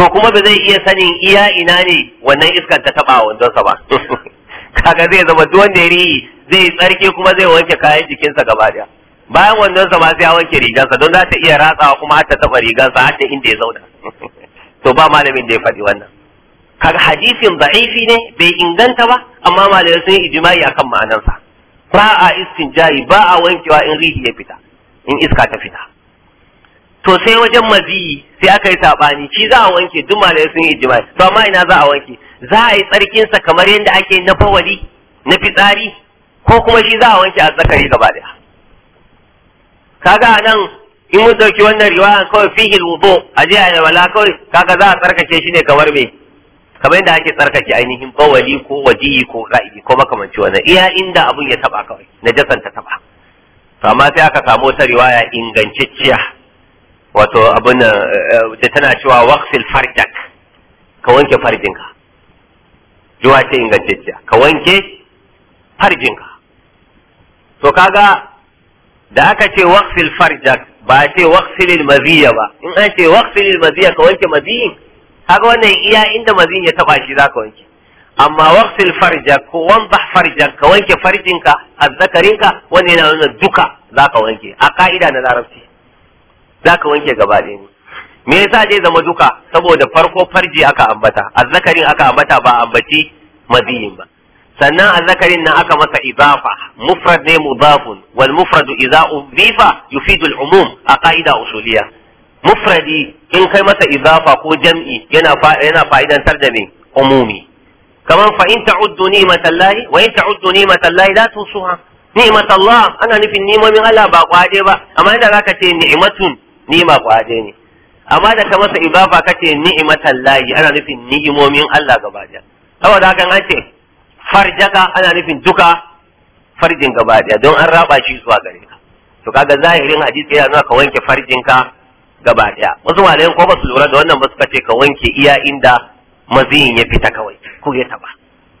to kuma ba zai iya sanin iya ina ne wannan iskar ta taba wandonsa ba kaga zai zama duk wanda ya rihi zai tsarki kuma zai wanke kayan jikinsa gaba daya bayan wannan sa sai ya wanke rigansa don za ta iya ratsawa kuma har ta taba rigansa har ta inda ya zauna to ba malamin da ya faɗi wannan kaga hadisin da'ifi ne bai inganta ba amma malamai sun yi ijma'i akan ma'anarsa ba a jari ba a wankewa in rihi ya fita in iska ta fita to sai wajen maziyi sai aka yi sabani shi za a wanke duk malamai sun yi ijima'i to amma ina za a wanke za a yi tsarkin sa kamar yadda ake na fawali na fitsari ko kuma shi za a wanke a tsakari gaba daya kaga anan in mun dauki wannan riwaya kawai fihi alwudu aje a wala kawai kaga za a tsarkake shi ne kamar me kamar yadda ake tsarkake ainihin bawali ko wajiyi ko ra'i ko makamanci wannan iya inda abun ya taba kawai najasan ta taba to amma sai aka samu ta riwaya ingantacciya wato abun eh, da tana cewa waqfil farjak ka wanke farjinka riwaya ce ingantacciya ka wanke farjinka to kaga da aka ce waqfil farjak ba ce waqfil maziya ba in an ce waqfil maziya ka wanke maziyin haka wannan iya inda maziyin ya taba shi zaka wanke amma waqfil farjak ko wanzah farjak ka wanke farjinka azzakarinka wani yana nuna duka zaka wanke a ka'ida na larabci zaka wanke gaba ɗaya ne me yasa zai zama duka saboda farko farji aka ambata azzakarin aka ambata ba ambaci maziyin ba sannan azzakarin na aka masa idafa mufrad ne mudafun wal mufradu idza udifa yufidu al umum a qaida usuliya mufradi in kai masa idafa ko jam'i yana yana fa'idantar da me umumi kaman fa in ta'uddu ni'matallahi wa in ta'uddu ni'matallahi la tusuha ni'matallah ana nufin ni'momin Allah ba kwaje ba amma inda zaka ce ni'matun ni'ma kwaje ne amma da ka masa idafa kace ni'matallahi ana nufin ni'imomin Allah gaba daya saboda hakan an ce farjaka ana nufin duka farjin gaba daya don an raba shi zuwa gare ka to kaga zahirin hadisi yana nuna ka wanke farjinka gaba daya wasu malayan ko ba su lura da wannan ba suka ce ka wanke iya inda mazin ya fita kawai ko ya taba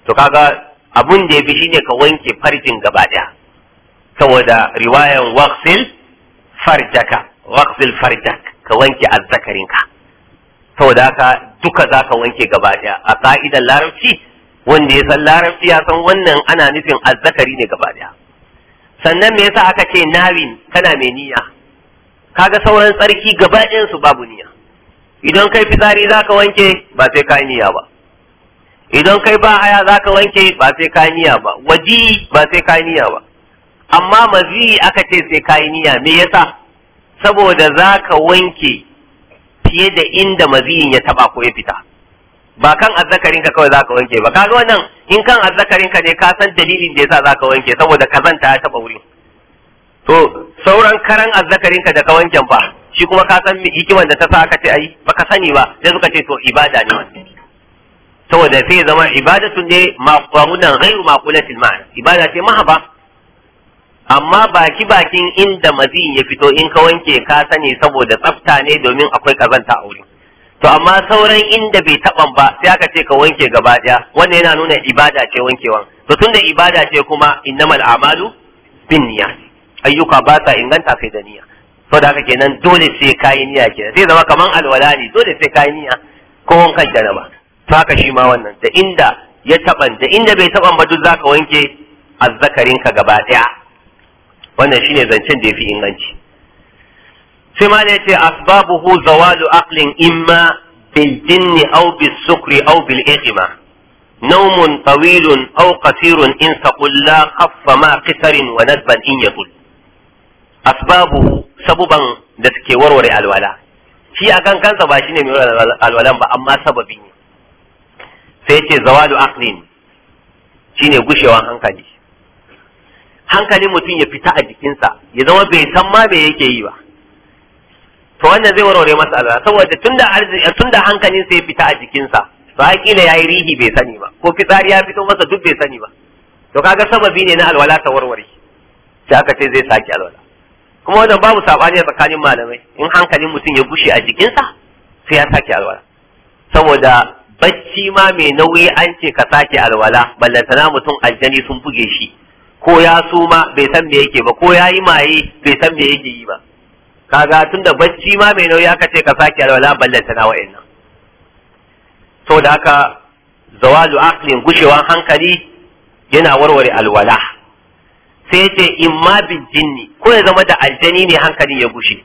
to kaga abun da ya fi shine ka wanke farjin gaba daya saboda riwayan waqsil farjaka waqsil farjak ka wanke azzakarinka saboda haka duka zaka wanke gaba daya a ka'idar larabci wanda ya san larabci ya san wannan ana nufin azzakari ne gaba daya sannan me yasa aka ce nawin kana mai niyya kaga sauran tsarki gaba su babu niyya idan kai fitsari zaka wanke ba sai ka niyya ba idan kai ba haya zaka wanke ba sai ka niyya ba waji ba sai ka niyya ba amma mazi aka ce sai ka niyya me yasa saboda zaka wanke fiye da inda maziyin ya taba ko ya fita ba kan azzakarin ka kawai zaka wanke ba kaga wannan in kan azzakarin ka ne ka san dalilin da yasa zaka wanke saboda kazanta ya taba wuri, to sauran karan azzakarin ka da ka wanke fa shi kuma ka san hikiman da ta sa aka ce ai baka sani ba sai suka ce to ibada ne wannan saboda sai zama ibadatu ne maqamunan ghairu maqulatil ma'ana ibada ce mahaba amma baki bakin inda mazin ya fito in ka wanke ka sani saboda tsafta ne domin akwai kazanta a wurin to amma sauran inda bai taban ba sai aka ce ka wanke gaba daya wannan yana nuna ibada ce wankewan to tunda ibada ce kuma innamal a'malu niyya ayyuka ba ta inganta sai da niyya to da haka kenan dole sai kayi niyya kenan sai zama kaman alwala ne dole sai kayi niyya ko wankan janaba to haka shi ma wannan da inda ya taban da inda bai taban ba duk zaka wanke azzakarin ka gaba daya wannan shine zancen da yafi inganci sai ma yace asbabuhu zawalu aqlin imma bil jinni aw bis sukri aw bil ijma nawmun tawilun aw qasirun in taqulla khaffa ma qitarin wa nadban in yakul asbabuhu sabuban da suke warware alwala shi a kansa ba shine mai alwalan amma sababi ne sai ce zawalu shine gushewan hankali hankalin mutum ya fita a jikinsa ya zama bai san ma me yake yi ba to wannan zai warware masa alwala saboda tunda arziki tunda hankalin sai fita a jikinsa to hakila yayi rihi bai sani ba ko fitsari ya fito masa duk bai sani ba to kaga sababi ne na alwala ta warware shi aka ce zai saki alwala kuma wannan babu sabani tsakanin malamai in hankalin mutum ya gushe a jikinsa sai ya saki alwala saboda bacci ma mai nauyi an ce ka sake alwala ballantana mutum aljani sun buge shi ko ya suma bai san me yake ba ko ya yi maye bai san me yake yi ba kaga da bacci ma mai nauyi aka ce ka sake alwala ballanta na wa'annan to da haka zawalu aqlin gushewan hankali yana warware alwala sai ce imma bin jinni ko ya zama da aljani ne hankali ya gushe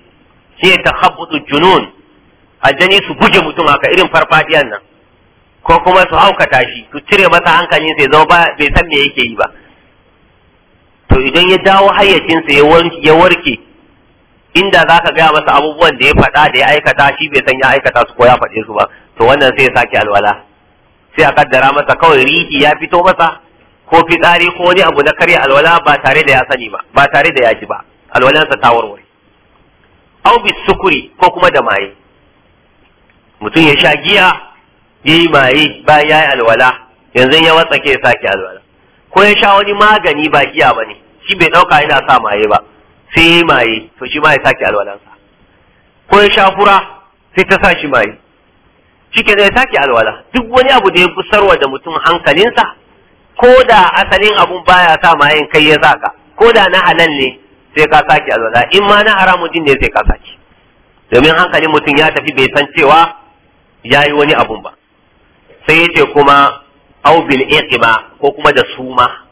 sai ta habbutu junun aljani su guje mutum haka irin farfadiyan nan ko kuma su haukata shi su cire masa hankalin sai zama bai san me yake yi ba to idan ya dawo hayyacinsa ya warke inda za ka gaya masa abubuwan da ya faɗa da ya aikata shi bai san ya aikata su ko ya faɗe su ba to wannan sai ya sake alwala sai a kaddara masa kawai riki ya fito masa ko fitsari ko wani abu na karya alwala ba tare da ya sani ba ba tare da ya ji ba alwalansa ta warware aw bi sukuri ko kuma da maye mutum ya sha giya ya yi maye bayan ya yi alwala yanzu ya watsake ya sake alwala ko ya sha wani magani ba giya ba ne shi bai ɗauka yana sa maye ba sai ya yi maye to shi ma ya sake alwalansa ko ya sha fura sai ta sa shi maye shi ke ya sake alwala duk wani abu da ya busarwa da mutum hankalinsa ko da asalin abun baya sa mayen kai ya saka ko da na halal ne sai ka sake alwala in ma na haramun ne sai ka sake domin hankalin mutum ya tafi bai san cewa ya yi wani abun ba sai ya ce kuma au bil ko kuma da suma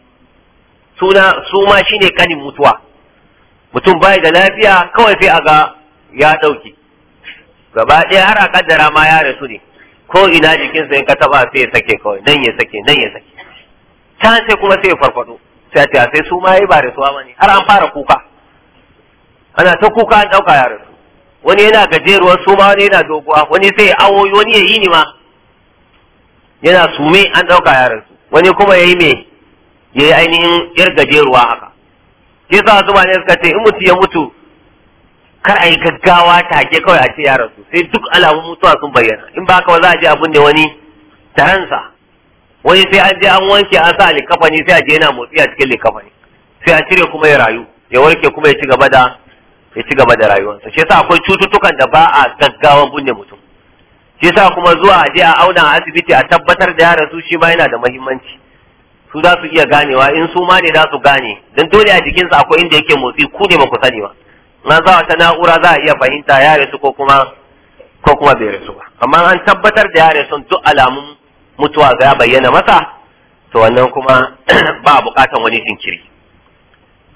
suna suma shine kanin mutuwa mutum bai da lafiya kawai sai a ga ya ɗauki gaba ɗaya har a kaddara ma ya rasu ne ko ina jikinsa in ka taba sai ya sake kawai nan ya sake nan ya sake can sai kuma sai ya farfado sai a sai su ma yi ba rasuwa ba ne har an fara kuka ana ta kuka an ɗauka ya rasu wani yana gajeruwar suma wani yana doguwa wani sai ya awo wani ya yi ni ma yana sume an ɗauka ya rasu wani kuma ya yi me ya yi ainihin yar gajeruwa haka ke sa wasu ne suka ce in mutu ya mutu kar a yi gaggawa take kawai a ce ya rasu sai duk alamun mutuwa sun bayyana in ba haka ba za a je a da wani taransa wani sai an je an wanke an sa likafani sai a je yana motsi a cikin likafani sai a cire kuma ya rayu ya warke kuma ya ci gaba da ya ci gaba da rayuwarsa shi yasa akwai cututtukan da ba a gaggawa bunne mutum shi yasa kuma zuwa a je a auna a asibiti a tabbatar da ya rasu shi ma yana da muhimmanci su za su iya ganewa in su ma ne za su gane don dole a jikinsa akwai inda yake motsi ku ne ba ku sani ba na za ta na'ura za a iya fahimta ya rasu ko kuma ko kuma bai rasu ba amma an tabbatar da ya rasu duk alamun mutuwa ga bayyana masa to wannan kuma ba bukatan wani jinkiri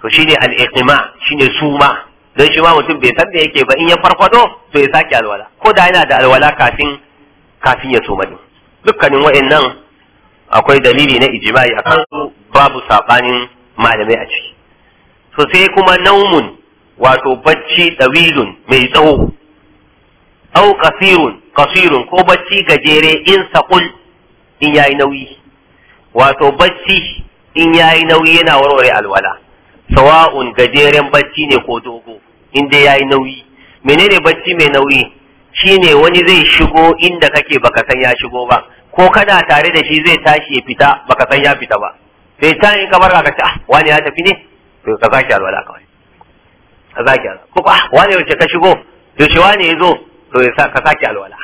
to shine al-iqma shine suma don shi ma mutum bai san da yake ba in ya farfado to ya sake alwala ko da yana da alwala kafin kafin ya soma dukkanin wa'annan akwai dalili na ijima'i a su babu saɓanin malamai a ciki so sai kuma naumun wato bacci dawilun mai tsawo au kasirun kasirun ko bacci gajere in saƙul in yayi nauyi wato bacci in yayi nauyi yana warware alwala sawa'un gajeren bacci ne ko dogo inda dai yayi nauyi menene bacci mai nauyi shine wani zai shigo inda kake baka san ya shigo ba ko kana tare da shi zai tashi ya fita baka san ya fita ba sai ta yi kamar ka ce ah wani ya tafi ne to ka zaki alwala ka wani ka zaki alwala ko ah wani yace ka shigo to shi wani ya zo to ya sa ka zaki alwala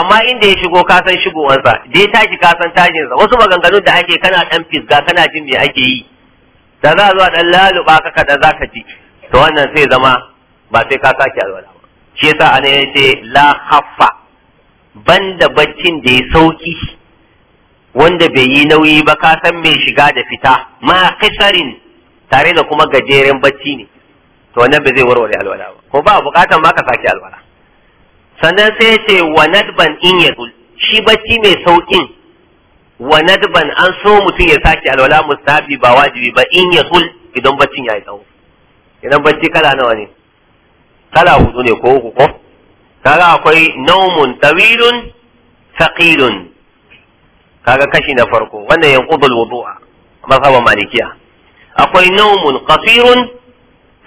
amma inda ya shigo ka san shigowarsa da ya tashi ka san tashinsa wasu maganganun da ake kana dan fisga kana jin me ake yi da za zuwa dan laluba ka kada zaka ji to wannan sai zama ba sai ka sake alwala ba shi yasa ana yace la haffa banda baccin da ya sauki wanda bai yi nauyi ba ka san mai shiga da fita ma kasarin tare da kuma gajeren bacci ne to wannan bai zai warware alwala ba ko ba bukatan ma ka sake alwala sannan sai ce wa nadban in ya shi bacci mai saukin wa nadban an so mutum ya sake alwala mustahabi ba wajibi ba in ya idan baccin ya yi tsawo idan bacci kala nawa ne kala hudu ne ko uku ko kaga akwai naumun tawilun thaqilun kaga kashi na farko wannan yanqudul wudu'a mazhaban malikiya akwai naumun qasirun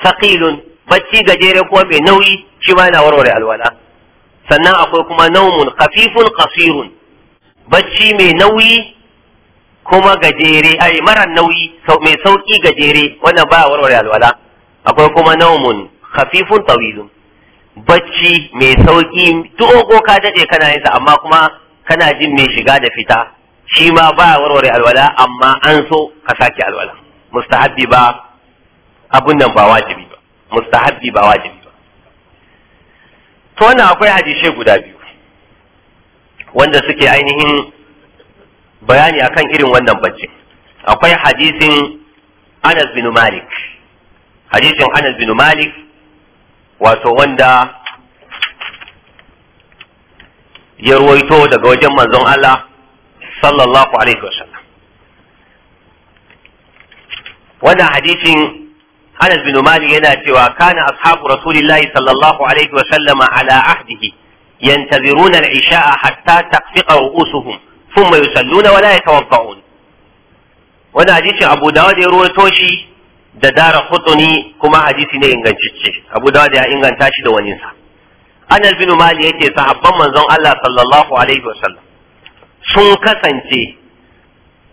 thaqilun bacci gajere ko mai nauyi shi ma yana warware alwala sannan akwai kuma naumun qafifun qasirun bacci mai nauyi kuma gajere ai mara nauyi mai sauki gajere wannan ba warware alwala akwai kuma naumun khafifun tawilun bacci mai sauki dogo ka daɗe kana yin sa amma kuma kana jin mai shiga da fita shi ma ba warware alwala amma an so ka sake alwala mustahabbi ba abun nan ba wajibi ba mustahabbi ba wajibi ba to wannan akwai hadishe guda biyu wanda suke ainihin bayani akan irin wannan bacci akwai hadisin Anas bin Malik hadisin Anas bin Malik wato wanda ya ruwaito daga wajen manzon Allah sallallahu alaihi wasallam wannan hadisin Anas bin Malik yana cewa kana ashabu rasulillahi sallallahu alaihi wasallam ala ahdihi ينتظرون العشاء حتى تخفق رؤوسهم ثم يصلون ولا يتوضؤون وانا حديث ابو داود يروي توشي da dara kutuni kuma hadisi ne ingantacce abu da ya inganta shi da waninsa Anal bin mali yake sahabban manzon Allah sallallahu alaihi wasallam sun kasance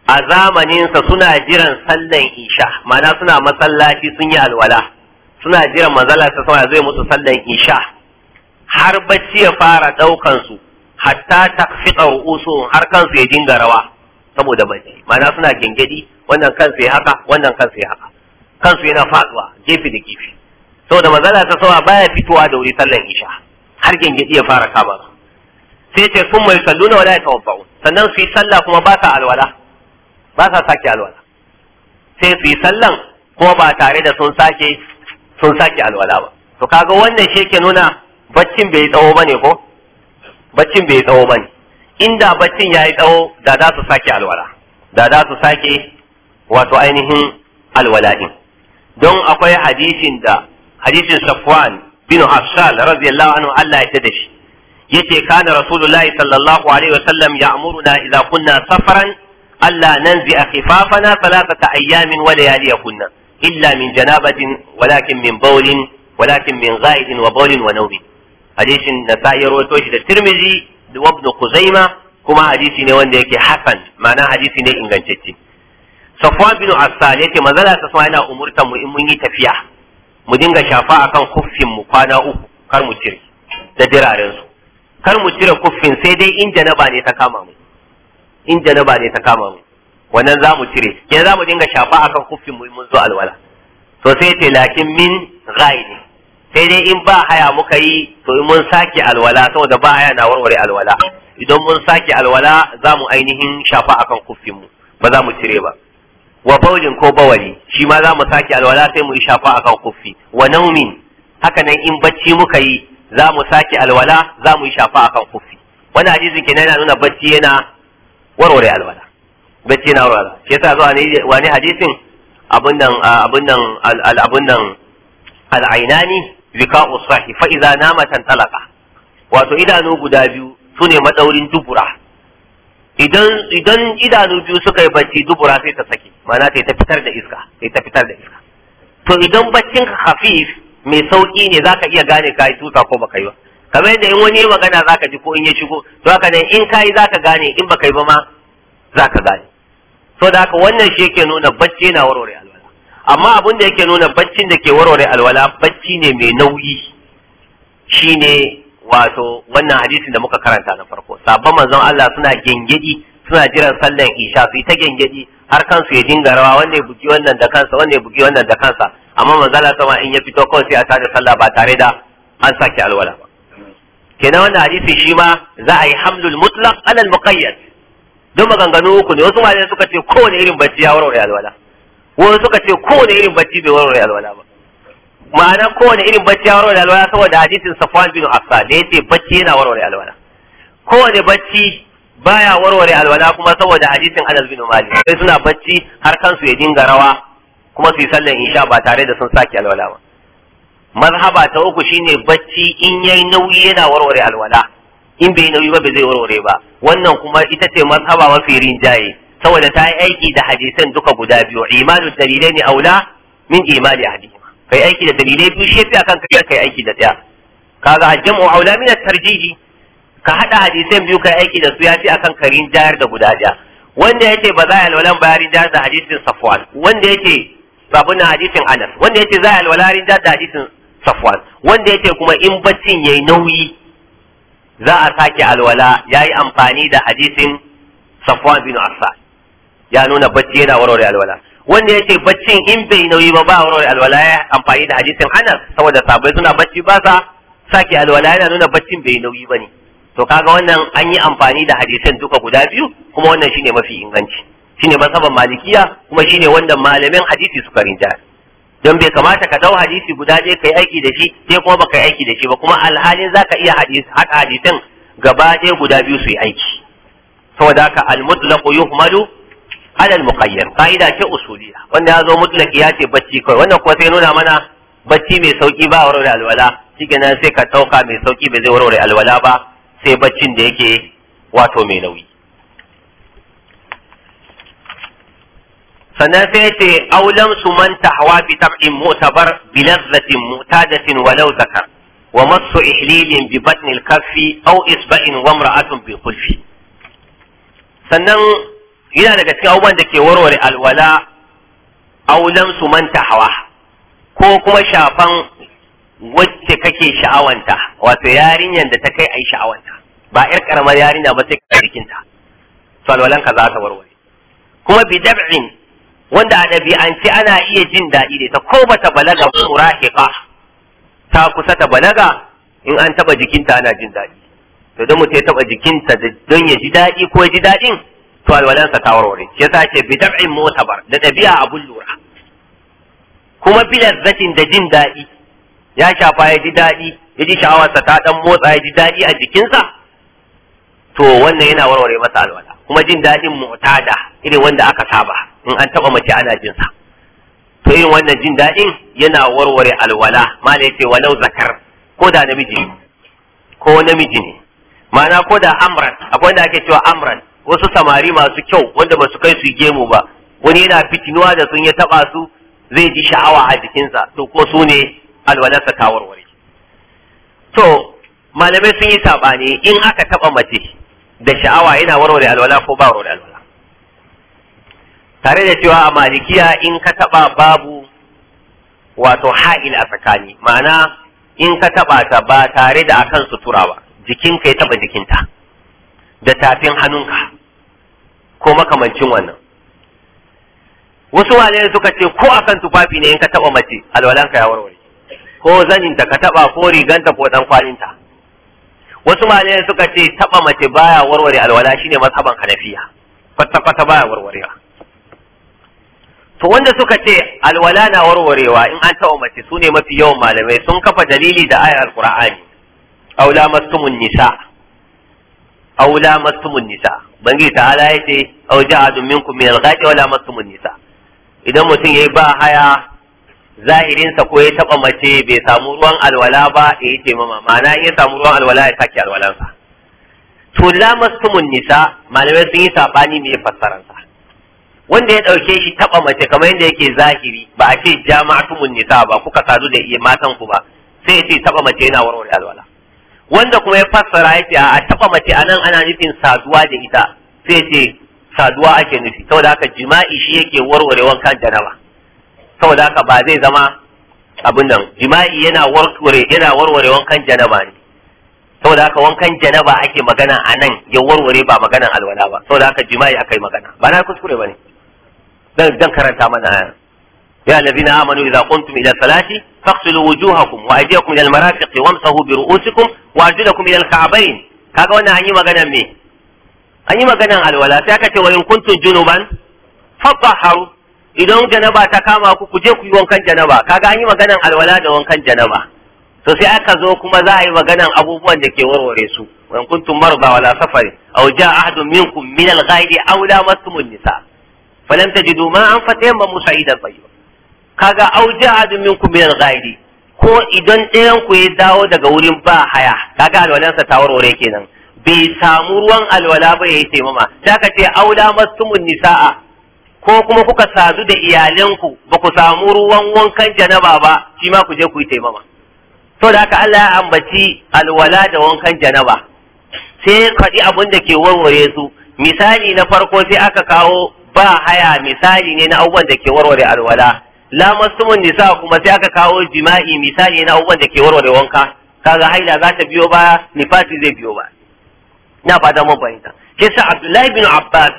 a zamaninsa suna jiran sallan isha ma'ana suna masallaci sun yi alwala suna jiran manzala ta sama zai musu sallan isha har bacci ya fara daukan su hatta takfiqa ru'usuhum har kansu ya dinga rawa saboda bacci ma'ana suna gengedi wannan kansu ya haka wannan kansu ya haka kansu yana faduwa gefe da gefe saboda mazala ta sawa baya fitowa da wuri sallan isha har gengedi ya fara kama sai ce sun mai salluna wala ya tawaffa'u sannan su yi sallah kuma ba sa alwala ba sa sake alwala sai su yi sallan kuma ba tare da sun sake sun sake alwala ba to kaga wannan shi ke nuna baccin bai tsawo bane ko baccin bai tsawo bane inda baccin ya yi tsawo da za su sake alwala da za su sake wato ainihin alwala din don akwai hadisin da hadisin Safwan bin Hafsal radiyallahu anhu Allah ya tada shi yace kana rasulullahi sallallahu alaihi wasallam ya'muruna idza kunna safaran alla nanzi salasa thalathata ayyamin wa kunna. illa min janabatin walakin min bawlin walakin min ghaidin wa bawlin wa nawmin hadisin da sai rawaito shi da tirmizi da Ibn Kuzaima kuma hadisi ne wanda yake hasan ma'ana hadisi ne ingantacce safwan bin asal yace manzala ta sama yana umurtan mu in mun yi tafiya mu dinga shafa akan kuffin mu kwana uku kar mu cire da diraren su kar mu cire kuffin sai dai in janaba ne ta kama mu in janaba ne ta kama mu wannan za mu cire yanzu za mu dinga shafa akan kuffin mu in mun zo alwala to sai ce lakin min ne, sai dai in ba haya muka yi to in mun sake alwala saboda ba haya na warware alwala idan mun sake alwala za mu ainihin shafa akan kuffin mu ba za mu cire ba wa baulin ko bawali shi ma za mu sake alwala sai mu yi shafa akan kuffi wa naumin haka nan in bacci muka yi za mu sake alwala za mu yi shafa akan kuffi wannan hadisin kenan yana nuna bacci yana warware alwala bacci yana warware alwala shi yasa zuwa ne wani hadisin abun nan abun nan al abun nan al ainani wika'u sahi fa idza namatan tantalaka wato idanu guda biyu sune madaurin dubura idan idan idanu biyu suka yi bacci dubura sai ta saki ma'ana ta ta fitar da iska ta ta fitar da iska to idan baccin ka hafif mai sauki ne zaka iya gane kai tusa ko baka yi ba kamar yadda in wani ya magana zaka ji ko in ya shigo to haka ne in kai zaka gane in baka yi ba ma zaka gane to da haka wannan shi yake nuna bacci na warware alwala amma abin da yake nuna baccin da ke warware alwala bacci ne mai nauyi shine wato wannan hadisin da muka karanta na farko sabon manzon Allah suna gengedi suna jiran sallan isha su ta gengedi har kansu ya dinga rawa wanda ya bugi wannan da kansa wanda ya bugi wannan da kansa amma manzon Allah sama in ya fito kawai sai a tada sallah ba tare da an sake alwala ba kenan wannan hadisi shi ma za a yi hamlul mutlaq alal muqayyad don maganganu uku ne wasu malamai suka ce kowane irin bacci ya warware alwala wasu suka ce kowane irin bacci bai warware alwala ba ma'ana kowane irin bacci ya warware alwala saboda hadisin Safwan bin Affan da yace bacci yana warware alwala kowane bacci baya warware alwala kuma saboda hadisin Anas bin Malik sai suna bacci har kansu ya dinga rawa kuma su yi sallan insha ba tare da sun sake alwala ba mazhaba ta uku shine bacci in yayi nauyi yana warware alwala in bai nauyi ba bai zai warware ba wannan kuma ita ce mazhaba mafi rinjaye saboda ta yi aiki da hadisan duka guda biyu imanu dalilai ne aula min imani hadisi kai aiki da dalilai biyu shi akan kai kai aiki da daya kaga al-jam'u aula min at-tarjihi ka hada hadisan biyu kai aiki da su yafi akan karin jayar da guda daya wanda yace ba za ya alwalan bayarin jayar da hadisin safwan wanda yace babu na hadisin anas wanda yace za ya alwalarin jayar da hadisin safwan wanda yace kuma in baccin yayi nauyi za a sake alwala yayi amfani da hadisin safwan bin affan ya nuna bacci yana warware alwala wanda yake baccin in bai nauyi ba ba wurin alwalaya amfani da hadisin Anas saboda sabai suna bacci ba sa sake alwalaya na nuna baccin bai nauyi ba ne. to kaga wannan an yi amfani da hadisin duka guda biyu kuma wannan shine mafi inganci shine masaban malikiya kuma shine wanda malamin hadisi suka rinja don bai kamata ka dau hadisi guda ɗaya kai aiki da shi sai kuma baka yi aiki da shi ba kuma alhalin zaka iya hadisi haka hadisin gaba ɗaya guda biyu su yi aiki saboda haka al-mutlaqu yuhmalu alal muqayyar ka'ida ce usuliya wanda ya zo mutlaki ya ce bacci kai wannan kuma sai nuna mana bacci mai sauki ba warware alwala shikenan sai ka tauka mai sauki bai zai warware alwala ba sai baccin da yake wato mai nauyi sannan sai ce aulam su man tahwa bi tab'in mu'tabar bi lazzatin mutadatin walau zakar wa masu ihlilin bi batnil kaffi au isba'in wa imra'atun bi kulfi sannan yana daga cikin abubuwan da ke warware alwala aulan su manta hawa ko kuma shafan wacce kake sha'awanta wato yarinyar da ta kai ai sha'awanta ba yar karamar yarinya ba sai ka jikinta to alwalan ka za ta warware kuma bi dab'in wanda a ɗabi'ance ana iya jin daɗi da ta ko bata balaga murahiqa ta kusa ta balaga in an taba jikinta ana jin daɗi to don mutum ya taba jikinta don ya ji daɗi ko ya ji daɗin to ta warware ya sa ce bi dab'in mutabar da dabi'a abun lura kuma bi lazzatin da jin daɗi ya shafa ya ji daɗi ya ji sha'awarsa ta dan motsa ya ji daɗi a jikinsa to wannan yana warware masa alwala kuma jin daɗin mu'tada irin wanda aka saba in an taɓa mace ana jin sa to irin wannan jin daɗin yana warware alwala mala yace walau zakar ko da namiji ko namiji ne ma'ana ko da amran akwai wanda ake cewa amran wasu samari masu kyau wanda ba su kai su gemu ba wani yana fitinuwa da sun ya taba su zai ji sha'awa a jikinsa to ko su ne alwalarsa ta warware to malamai sun yi sabani in aka taba mace da sha'awa yana warware alwala ko ba warware alwala tare da cewa a malikiya in ka taba babu wato ha'il a tsakani ma'ana in ka taba ta ba tare da akan sutura ba jikinka ya taba jikinta da tafin hannunka ko makamancin wannan wasu malai suka ce ko akan tufafi ne in ka taba mace alwalanka ya warware ko zaninta ka taba ko riganta ko dan kwalinta wasu malai suka ce taba mace baya warware alwala shine mazhaban hanafiya kwata kwata baya warwarewa to wanda suka ce alwala na warwarewa in an taba mace sune mafi yawan malamai sun kafa dalili da ayar alqur'ani aula mastumun nisa' Aula lamastumun nisa bangi ta'ala yace aw ja'adun minkum min al-ghaibi aw lamastumun nisa idan mutum yayi ba haya zahirinsa ko ya taba mace bai samu ruwan alwala ba ya yi taimama ma'ana in ya samu ruwan alwala ya sake sa to lamastumun nisa malamai sun yi sabani mai sa wanda ya dauke shi taba mace kamar yadda yake zahiri ba a ce jama'atumun nisa ba kuka sadu da iya matan ku ba sai ya ce taba mace yana warware alwala wanda kuma ya fassara yake a taɓa mace a nan ana nufin saduwa da ita sai ce saduwa ake nufi saboda haka jima'i shi yake warware wankan janaba saboda haka ba zai zama abin nan jima'i yana warware yana warware wankan janaba ne saboda haka wankan janaba ake magana a nan ya warware ba maganan alwala ba saboda haka jima'i akai magana ba na kuskure bane dan dan karanta mana يا الذين آمنوا إذا قمتم إلى الصلاة فاغسلوا وجوهكم وأيديكم إلى المرافق وامسحوا برؤوسكم وأرجلكم إلى الكعبين kaga wannan an yi maganan me an yi maganan alwala sai aka ce wa in kuntum junuban fatahharu idan janaba ta kama ku ku je ku yi wankan janaba kaga an yi maganan alwala da wankan janaba sai aka zo kuma za a yi maganan abubuwan da ke warware su wa in kuntum marda wala safar aw jaa ahadun minkum min al-ghaibi aw lamastum an-nisa falam tajidu ma'an fatayammamu sa'idan tayyiban kaga au min ku min ghairi ko idan ɗayan ku ya dawo daga wurin ba haya kaga alwalansa ta warware kenan bai samu ruwan alwala ba yayi taimama sai ka ce aula mastumun nisaa ko kuma kuka sadu da iyalanku ba ku samu ruwan wankan janaba ba shi ma ku je ku yi taimama to da haka Allah ya ambaci alwala da wankan janaba sai kaɗi abin da ke warware su misali na farko sai aka kawo ba haya misali ne na abubuwan da ke warware alwala La lamastumun nisa kuma sai aka kawo jima'i misali na abubuwan da ke warware wanka kaga haila za ta biyo ba nifasi zai biyo ba na fata mun fahimta ke sa abdullahi bin abbas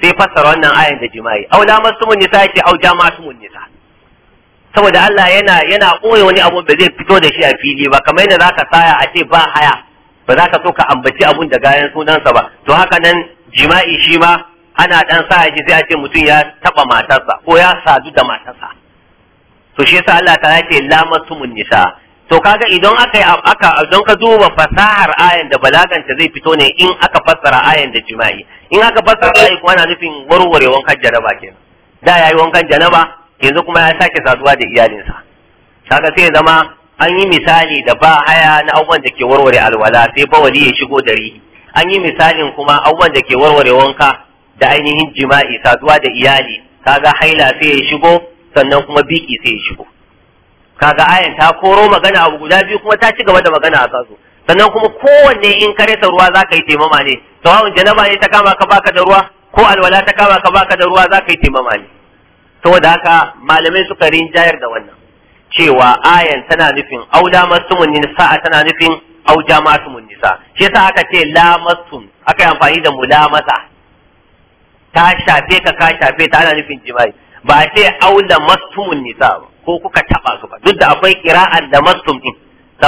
sai fassara wannan ayan da jima'i au la lamastumun nisa ce au jama'atumun nisa saboda Allah yana yana koyi wani abu da zai fito da shi a fili ba kamar yadda zaka saya a ce ba haya ba za ka so ka ambaci abun da gayan sunansa ba to haka nan jima'i shi ma ana dan sa shi sai a ce mutum ya taba matarsa ko ya sadu da matarsa to shi yasa Allah ta ce masumun nisa to kaga idan aka aka idan ka duba fasahar ayan da balaganta zai fito ne in aka fassara ayan da jima'i in aka fassara ayan kuma ana nufin warware wankan janaba kenan da yayi wankan janaba yanzu kuma ya sake saduwa da iyalinsa kaga sai zama an yi misali da ba haya na abubuwan da ke warware alwala sai bawali ya shigo dari an yi misalin kuma abubuwan da ke warware wanka da ainihin jima'i saduwa da iyali kaga haila sai ya shigo sannan kuma biki sai ya shigo kaga ayan ta koro magana abu guda biyu kuma ta ci gaba da magana a kansu sannan kuma kowanne in ka rasa ruwa za ka yi taimama ne sawa'un janaba ne ta kama ka baka da ruwa ko alwala ta kama ka baka da ruwa za ka yi taimama ne saboda haka malamai suka rinjayar da wannan cewa ayan tana nufin auda masumun nisa tana nufin auja mun nisa shi yasa aka ce la aka yi amfani da mulamasa ta shafe ka ka shafe ta ana nufin jima'i ba a ce aula mastumun nisa ko kuka taba su ba duk da akwai kiraar da mastum din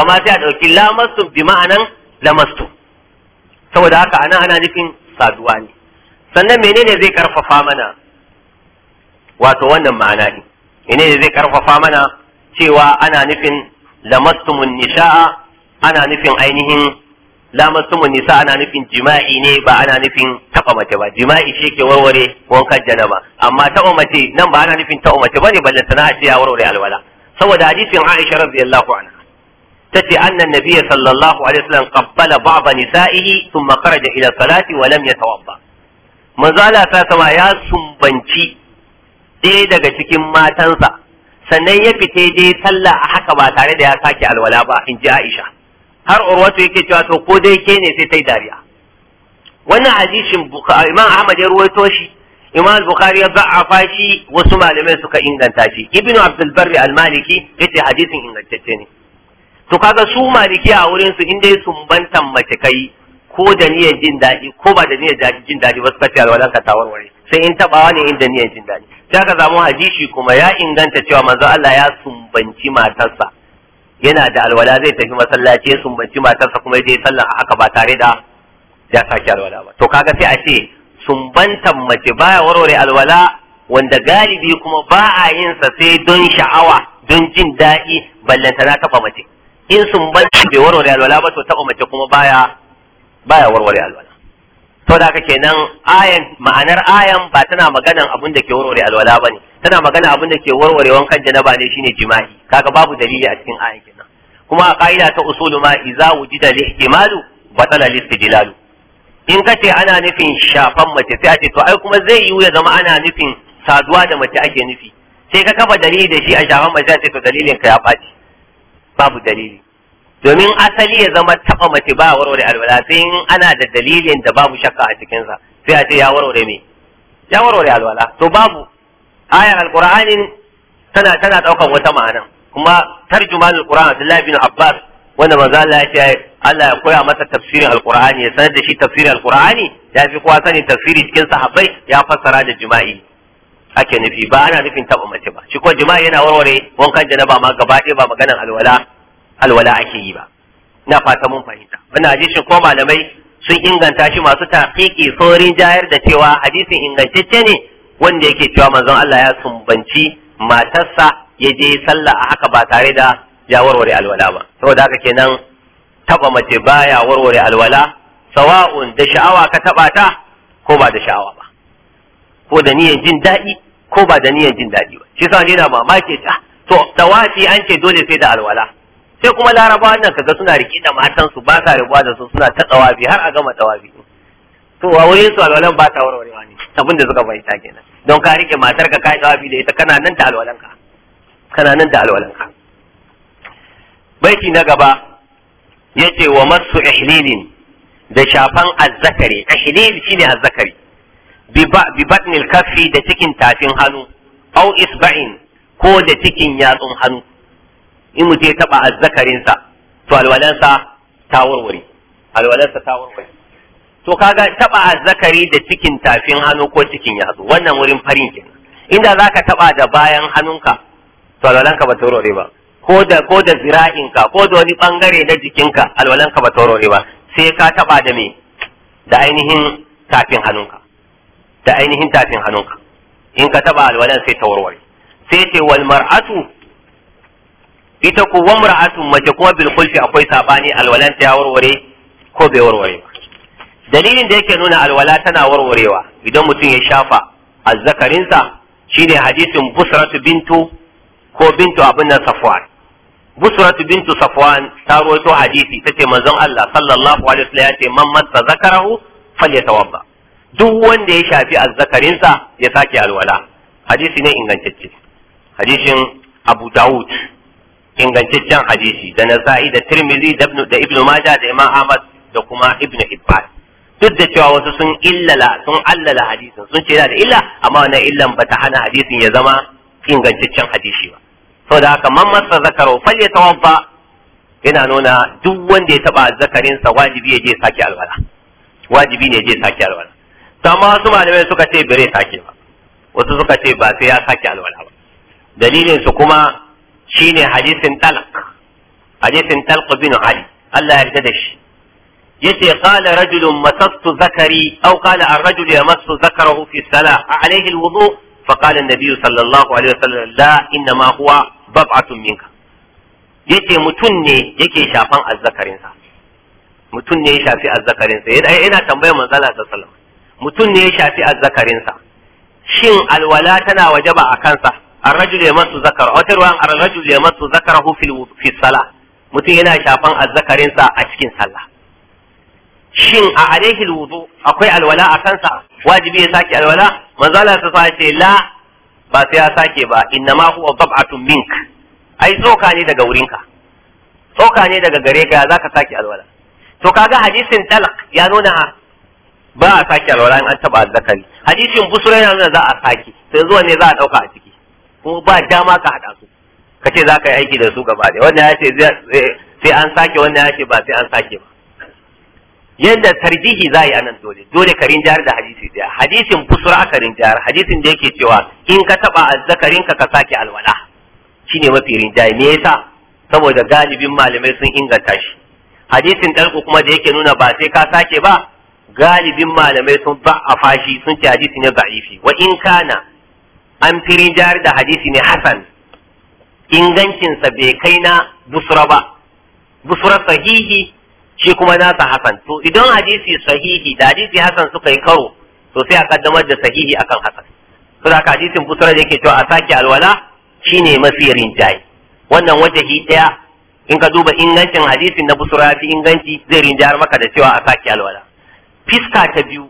ma sai a dauki la mastum bi ma'anan la mastum saboda haka ana ana nufin saduwa ne sannan menene zai karfafa mana wato wannan ma'ana ne menene zai karfafa mana cewa ana nufin mastumun nisa ana nufin ainihin lamassumun nisa ana nufin jima'i ne ba ana nufin taɓa mace ba jima'i shi ke warware wankan janaba amma taɓa mace nan ba ana nufin taɓa mace bane balle sana ce ya warware alwala saboda hadisin Aisha radiyallahu anha tace annan nabiyyi sallallahu alaihi wasallam qabbala ba'd nisa'ihi thumma kharaja ila salati wa lam yatawadda manzo Allah ta sama ya sumbanci ɗaya daga cikin matansa sannan ya fite dai sallah a haka ba tare da ya sake alwala ba in ji Aisha har urwatu yake cewa to ko dai ke ne sai ta yi dariya wannan hadisin imam ahmad ya ruwaito shi imam bukhari ya za'afa shi wasu malamai suka inganta shi ibnu abdul barri al maliki yace hadisin ingantacce ne to kaga su maliki a wurin su inda sumbantan mace kai ko da niyyar jin daɗi ko ba da niyyar jin daɗi ba su ce alwala ka tawarware sai in tabawa ne inda niyyar jin daɗi sai aka samu hadisi kuma ya inganta cewa manzo Allah ya sumbanci matarsa yana da alwala zai tafi masallaci ya sumbanci matarsa kuma ya je sallan a haka ba tare da ya sake alwala ba to kaga sai a ce sumbantan mace baya warware alwala wanda galibi kuma ba a yin sa sai don sha'awa don jin daɗi ballanta na taba mace in sumbantan bai warware alwala ba to taba mace kuma baya baya warware alwala sau da kake nan ayan ma'anar ayan ba tana maganan abin da ke warware alwala ne tana magana abin da ke warware wankan janaba ne shine jima'i kaga babu dalili a cikin ayan kenan kuma a ka'ida ta usulu ma malu wujida lihtimalu batala listidlalu in kace ana nufin shafan mace sai a ce to ai kuma zai yiwu ya zama ana nufin saduwa da mace ake nufi sai ka kafa dalili da shi a shafan mace sai to dalilin ka ya faɗi babu dalili domin asali ya zama taba mace ba warware alwala sai in ana da dalilin da babu shakka a cikinsa sai a ce ya warware me ya warware alwala to babu ayar alqur'anin tana tana wata ma'ana kuma tarjuman alqur'an Abdullah bin Abbas wanda manzo Allah ya ce Allah ya koya masa tafsirin alqur'ani ya sanar da shi tafsirin alqur'ani ya fi kowa sani tafsiri cikin sahabbai ya fassara da jima'i ake nufi ba ana nufin taba mace ba shi jima'i yana warware wankan ba ma gaba ɗaya ba maganar alwala alwala ake yi ba na fata mun fahimta wannan hadisin ko malamai sun inganta shi masu tahqiqi saurin jayar da cewa hadisin ingantacce ne wanda yake cewa manzon Allah ya sumbanci matarsa ya je sallah a haka ba tare da ya warware alwala ba saboda haka kenan taba mace baya warware alwala sawa'un da sha'awa ka taba ta ko ba da sha'awa ba ko da niyan jin daɗi ko ba da niyan jin daɗi ba shi sa ne na mamaki ta ah, to tawafi an ce dole sai da alwala sai kuma larabawa nan kaga suna rike da matan su ba sa rabuwa da su suna ta tsawabi har a gama tsawabi to a wurin su alwalan ba ta warwarewa ne abin da suka fahimta kenan don ka rike matar ka kai tsawabi da ita kana nan da alwalan ka kana nan da alwalan ka baiti na gaba yace wa masu ihlilin da shafan azzakari ihlil shine azzakari bi batnil kaffi da cikin tafin hannu au isba'in ko da cikin yatsun hannu in mutum ya taba azzakarinsa to alwalansa ta warware alwalansa ta warware to kaga taba azzakari da cikin tafin hannu ko cikin yatsu wannan wurin farin kenan inda ka taɓa da bayan hannunka to alwalanka ba ta warware ba ko da ko da zira'inka ko da wani bangare na jikinka alwalanka ba ta warware ba sai ka taɓa da me da ainihin tafin hannunka da ainihin tafin hannunka in ka taɓa alwalan sai ta warware sai ce wal mar'atu ita ko wa mar'atun mace kuma bil akwai sabani alwalan ta warware ko bai warware ba dalilin da yake nuna alwala tana warwarewa idan mutum ya shafa azzakarinsa shine hadisin busratu bintu ko bintu abin nan safwan busratu bintu safwan ta rawaito hadisi ce manzon Allah sallallahu alaihi wasallam yace man massa zakarahu falyatawadda duk wanda ya shafi azzakarinsa ya sake alwala hadisi ne ingantacce hadisin Abu Dawud ingantaccen hadisi da nasa'i da tirmidhi da ibnu da ibnu majah da imam ahmad da kuma ibn hibban duk da cewa wasu sun illala sun allala hadisin sun ce da illa amma wannan illan bata hana hadisin ya zama ingantaccen hadisi ba saboda haka man masa zakaro falyatawadda yana nuna duk wanda ya taba zakarinsa wajibi ya je sake alwala wajibi ne je sake alwala to amma wasu malamai suka ce bare sake ba wasu suka ce ba sai ya sake alwala ba dalilin su kuma Shi ne hadisin Talak. hadisin Talak bin ali Allah ya yarda da shi yace qala rajulun masastu zakari aw qala ar-rajul yamassu zakarahu fi salah alayhi al-wudu fa qala an-nabi sallallahu alaihi wasallam la inna ma huwa bab'atun minka yace mutun ne yake shafan azzakarin sa mutun ne ya shafi azzakarin sa yana tambayar manzo Allah sallallahu alaihi wasallam mutun ne ya shafi azzakarin sa shin alwala tana wajaba a kansa ar-rajul yamassu zakar wata ruwan ar-rajul yamassu zakarahu fil mutum yana shafan azzakarin a cikin sallah shin a alaihi wudu akwai alwala a kansa wajibi ya sake alwala manzo Allah ta ce la ba sai ya sake ba inna ma huwa dab'atun mink ai tsoka ne daga wurinka tsoka ne daga gare ka zaka sake alwala to kaga hadisin talaq ya nuna ba a sake alwala an taba azzakari hadisin busra yana nuna za a sake to yanzu ne za a dauka a ciki kuma ba dama ka haɗa su ka ce za ka yi aiki da su gaba da wannan ya ce sai an sake wannan ya ce ba sai an sake ba yadda tarjihi za a yi anan dole dole ka rinjayar da hadisi daya hadisin busura aka rinjayar hadisin da yake cewa in ka taba azzakarin ka ka sake alwala shine mafi rinjaye me yasa saboda galibin malamai sun inganta shi hadisin dalko kuma da yake nuna ba sai ka sake ba galibin malamai sun ba a fashi sun ce hadisi ne ba'ifi wa in kana an firin jari da hadisi ne hasan ingancinsa bai kai na busra ba busra sahihi shi kuma nasa hasan to idan hadisi sahihi da hadisi hasan suka yi karo to sai a kaddamar da sahihi akan hasan to da hadisin busra da yake cewa a sake alwala shine mafi rinjaye wannan wajahi daya in ka duba ingancin hadisin na busra fi inganci zai rinjayar maka da cewa a sake alwala fiska ta biyu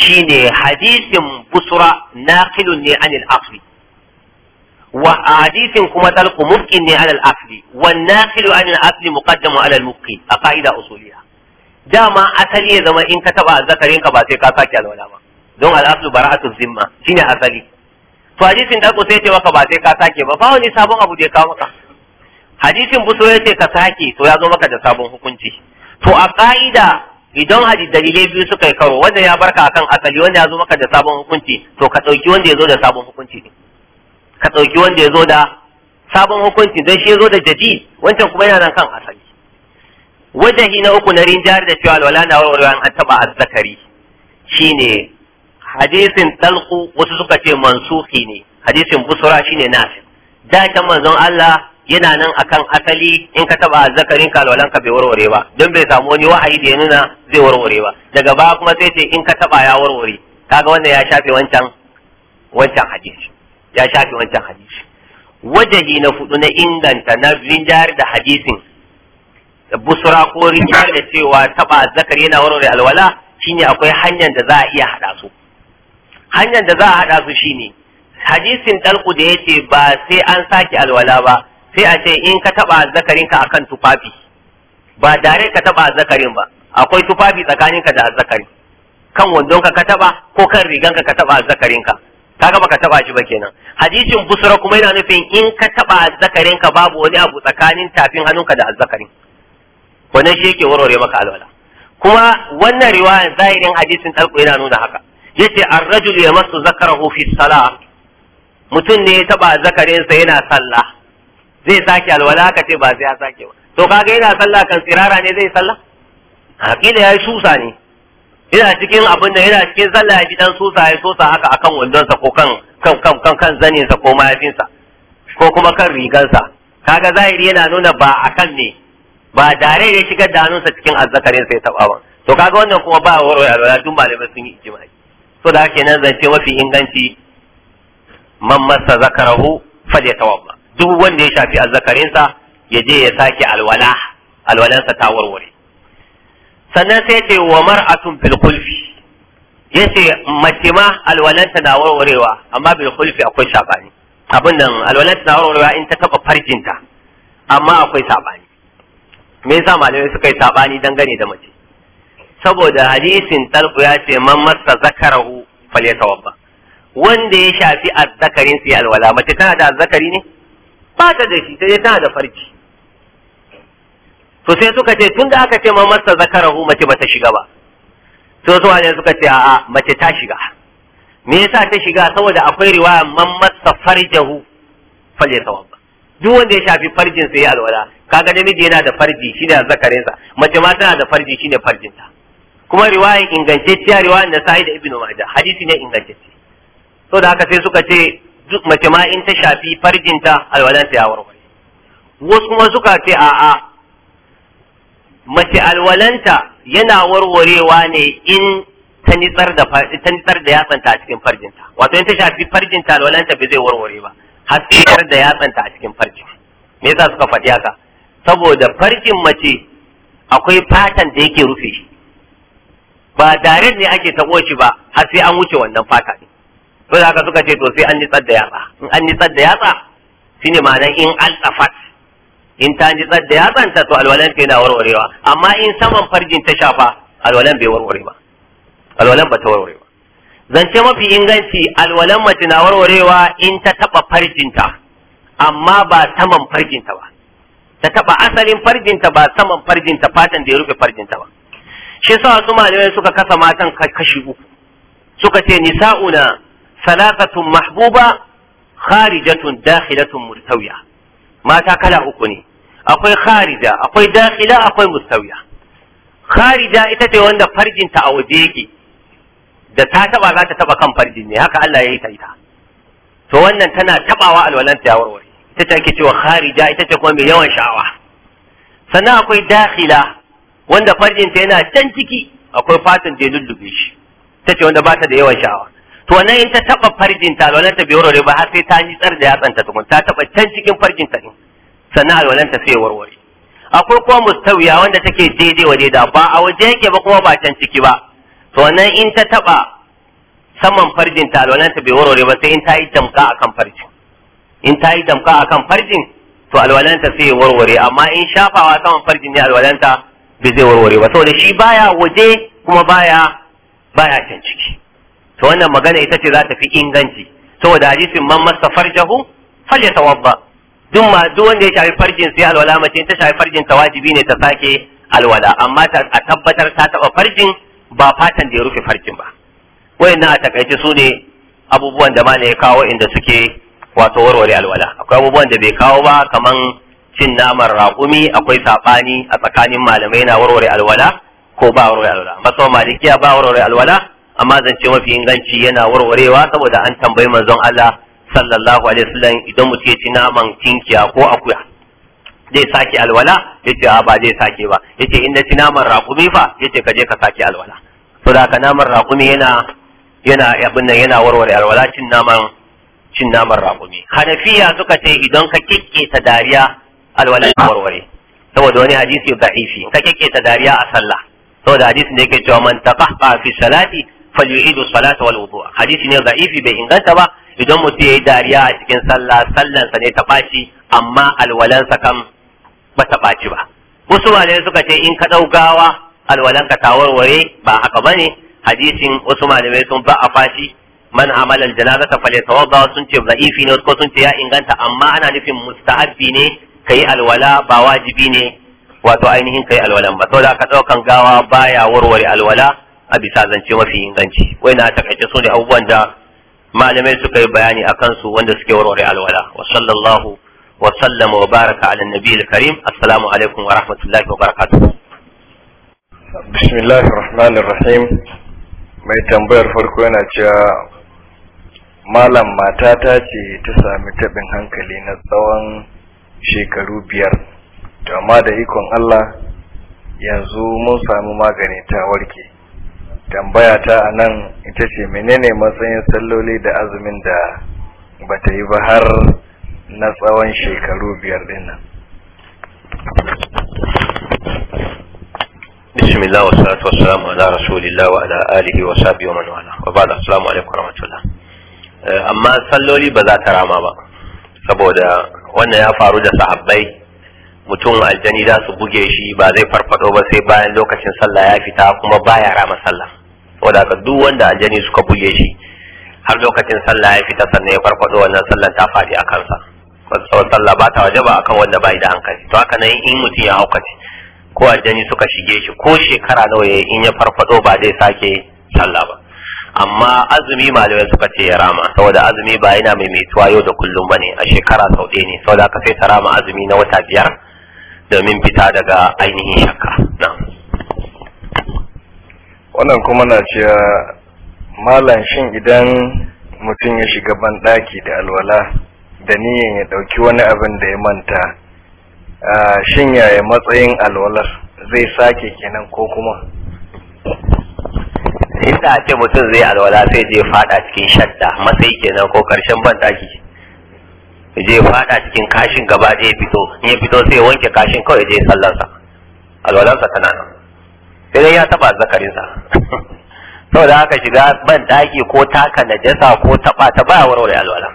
shine hadisin busra naqilun ne anil asli wa hadisin kuma talqu mubqin ne alal asli wan naqilu anil asli muqaddamu alal mubqin a qaida usuliya dama asali ya zama in ka taba zakarin ka ba sai ka sake alwala ba don al aslu bara'atu zimma shine asali to hadisin talqu sai ce maka ba sai ka sake ba fa wani sabon abu da ya kawo maka hadisin busra ya ce ka sake to ya zo maka da sabon hukunci to a qaida idan hadis dalilai biyu suka yi karo wanda ya barka akan asali wanda ya zo maka da sabon hukunci to ka ɗauki wanda ya zo da sabon hukunci ne ka ɗauki wanda ya zo da sabon hukunci don shi ya zo da jadi wancan kuma yana nan kan asali wajahi na uku na rinjari da cewa alwala na warwarewa an taɓa azzakari shine hadisin talku wasu suka ce mansuhi ne hadisin busura shine nafi da ta manzon Allah yana nan akan asali in ka taba zakarin ka alwalan ka bai warware ba don bai samu wani wahayi da ya nuna zai warware ba daga baya kuma sai ce in ka taba ya warware kaga wannan ya shafe wancan wancan hadisi ya shafe wancan hadisi wajahi na fudu na inganta na rinjayar da hadisin da busura ko rinjayar da cewa taba zakari yana warware alwala shine akwai hanyar da za a iya hada su hanyar da za a hada su shine hadisin dalku da yace ba sai an sake alwala ba sai a ce in ka taba azzakarinka akan tufafi ba dare ka taba zakarin ba akwai tufafi tsakaninka da zakari kan wandonka ka taba ko kan riganka ka taba ka kaga baka taba shi ba kenan hadisin busra kuma yana nufin in ka taba azzakarinka babu wani abu tsakanin tafin hannunka da zakarin wannan shi yake warware maka alwala kuma wannan riwayar zahirin hadisin talqu yana nuna haka yace ar-rajulu yamassu zakarahu fi salah mutum ne ya taba zakarinsa yana sallah zai sake alwala aka ce ba sai ya sake ba to kaga yana sallah kan tsirara ne zai sallah hakila ya susa ne yana cikin abin da yana cikin sallah ya fi dan susa ya sosa haka akan wandonsa ko kan kan kan kan kan zaninsa ko mayafinsa ko kuma kan rigansa kaga zahiri yana nuna ba akan ne ba dare ya shigar da hannunsa cikin azzakarin sai taba ba to kaga wannan kuma ba warware alwala tun malamai sun yi ijma'i so da haka nan zance mafi inganci man massa zakarahu wamma. duk wanda ya shafi azzakarinsa ya je ya sake alwala alwalansa ta warware sannan sai ce wa mar'atun bil khulfi yace mace ma alwalanta na warwarewa amma bil khulfi akwai sabani abin nan alwalanta na warwarewa in ta taba farjinta amma akwai sabani me yasa malamai suka yi sabani dangane da mace saboda hadisin talbu ya ce man masa zakarahu falyatawabba wanda ya shafi azzakarin sai alwala mace tana da azzakari ne ba ta da shi ta je tana da farji to sai suka ce tun da aka ce ma masa zakarahu mace ba ta shiga ba to su ne suka ce a'a mace ta shiga me yasa ta shiga saboda akwai riwaya man masta farjahu falle tawab duk wanda ya shafi farjin sai ya alwala kaga namiji yana da farji shine zakarin sa mace ma tana da farji shine farjin ta kuma riwaya ingantacciya riwaya da Sa'id ibn Majah hadisi ne ingantacce saboda da haka sai suka ce duk mace ma in ta shafi farjinta alwalanta ya warware wasu kuma suka ce a'a mace alwalanta yana warwarewa ne in ta nitsar da yatsanta a cikin farjinta wato in ta shafi farjinta alwalanta bai zai warware ba har sai da yatsanta a cikin farjin me yasa suka faɗi haka saboda farjin mace akwai fatan da yake rufe shi ba tare ne ake taɓo shi ba har sai an wuce wannan fata ne sai haka suka ce to sai an nitsar da yatsa in an nitsar da yatsa shine ma'anar in al'afat in ta nitsar da yatsan ta to alwalan ta yana warwarewa amma in saman farjin ta shafa alwalan bai warware ba alwalan ba ta warware ba zance mafi inganci alwalan mace na warwarewa in ta taba farjinta amma ba saman farjinta ba ta taba asalin farjinta ba saman farjinta fatan da ya rufe farjinta ba shi sa su malamai suka kasa matan kashi uku suka ce nisa'una ثلاثة محبوبة خارجة داخلة مستوية ما تاكلا أكوني أقوي خارجة أقوي داخلة أقوي مستوية خارجة إتتي وند فرج تأوديكي da ta taba za ta taba kan farjin ne haka Allah ya yi ta ita to wannan tana tabawa alwalanta ya warware ita ce ake cewa kharija ita ce kuma mai yawan sha'awa sannan akwai dakhila wanda farjin ta yana can ciki akwai fatan da ya lullube shi ita ce wanda ba ta da yawan sha'awa to nan in ta taba farjin ta alwalan ta bai warware ba har sai ta nitsar da yatsan ta tukun ta taba can cikin farjin ta din sannan alwalan ta sai warware akwai kuma mustawiya wanda take daidai wa daida ba a waje yake ba kuma ba can ciki ba to nan in ta taba saman farjin ta alwalan ta bai warware ba sai in ta yi damka akan farjin in ta yi damka akan farjin to alwalan ta sai warware amma in shafawa saman farjin ne alwalan ta bai zai warware ba saboda shi baya waje kuma baya baya can ciki to wannan magana ita ce za ta fi inganci saboda hadisin man masa farjahu fal falyatawadda duk ma duk wanda ya shafi farjin sai alwala mace ta shafi farjin ta wajibi ne ta sake alwala amma ta a tabbatar ta taba farjin ba fatan da ya rufe farjin ba wayannan a takaice su ne abubuwan da malai ya kawo inda suke wato warware alwala akwai abubuwan da bai kawo ba kaman cin naman raƙumi akwai saɓani a tsakanin malamai na warware alwala ko ba warware alwala maso malikiya ba warware alwala amma zance mafi inganci yana warwarewa saboda an tambayi manzon Allah sallallahu alaihi wasallam idan mutum ya ci naman tinkiya ko akuya zai sake alwala yace a ba zai sake ba yace in na ci naman raƙumi fa yace ka je ka sake alwala to da ka naman raƙumi yana yana abin nan yana warware alwala cin naman cin naman raƙumi hanafiya suka ce idan ka ta dariya alwala warware saboda wani hadisi da ifi ka ta dariya a sallah saboda hadisi ne yake cewa man taqahqa fi salati falyu'idu salata wal wudu'a hadisi ne za'ifi bai inganta ba idan mutum yayi dariya a cikin sallah sallansa ne ta baci amma alwalansa kam ba ta baci ba wasu malamai suka ce in ka daugawa alwalanka ta warware ba haka bane hadisin wasu malamai sun ba a fashi man amala aljanazata falyatawadda sun ce za'ifi ne ko sun ce ya inganta amma ana nufin mustahabbi ne kai alwala ba wajibi ne wato ainihin kai alwalan ba saboda ka daukan gawa baya warware alwala a bisa zance mafi inganci wai na takaice su ne abubuwan da malamai suka yi bayani a kansu wanda suke warware alwala wa sallallahu wa sallama wa baraka ala nabiyil karim assalamu alaikum wa rahmatullahi wa barakatuh bismillahir rahmanir rahim mai tambayar farko yana cewa malam matata ce ta sami tabin hankali na tsawon shekaru biyar to amma da ikon Allah yanzu mun samu magani ta warke tambaya ta a nan ita ce menene matsayin salloli da azumin da ba ta yi ba har na tsawon shekaru biyar dinnan bismillah wa salatu wa salamu ala rasulillah wa ala alihi wa sahbihi wa man wala wa ba'da assalamu alaikum wa rahmatullah eh, amma salloli ba za ta rama ba saboda wannan ya faru da sahabbai mutum aljani za su buge shi ba zai farfado ba sai bayan lokacin sallah ya fita kuma baya rama sallah saboda duk wanda jani suka buge shi har lokacin sallah ya fita sannan ya farfado wannan sallan ta faɗi a kansa tsawon sallah ba ta wajaba kan wanda bai da hankali to haka nan in mutum ya haukace ko jani suka shige shi ko shekara nawa ya in ya farfado ba zai sake sallah ba amma azumi malamai suka ce ya rama saboda azumi ba yana mai metuwa yau da kullum bane a shekara sau ɗaya ne saboda ka sai ta rama azumi na wata biyar domin fita daga ainihin shakka na. wannan kuma na cewa malam shin idan mutum ya shiga banɗaki da alwala da niyan ya ɗauki wani abin da ya manta shin yaya matsayin alwalar zai sake kenan ko kuma inda a ce mutum zai alwala sai je fada cikin shadda matsayi kenan ko karshen banɗaki je fada cikin kashin gaba ɗaya fito in ya fito sai wanke kashin kawai je sallarsa alwalansa tana nan sai dai ya taba zakarinsa saboda haka shiga ban daki ko taka najasa ko taba ta ba warware alwala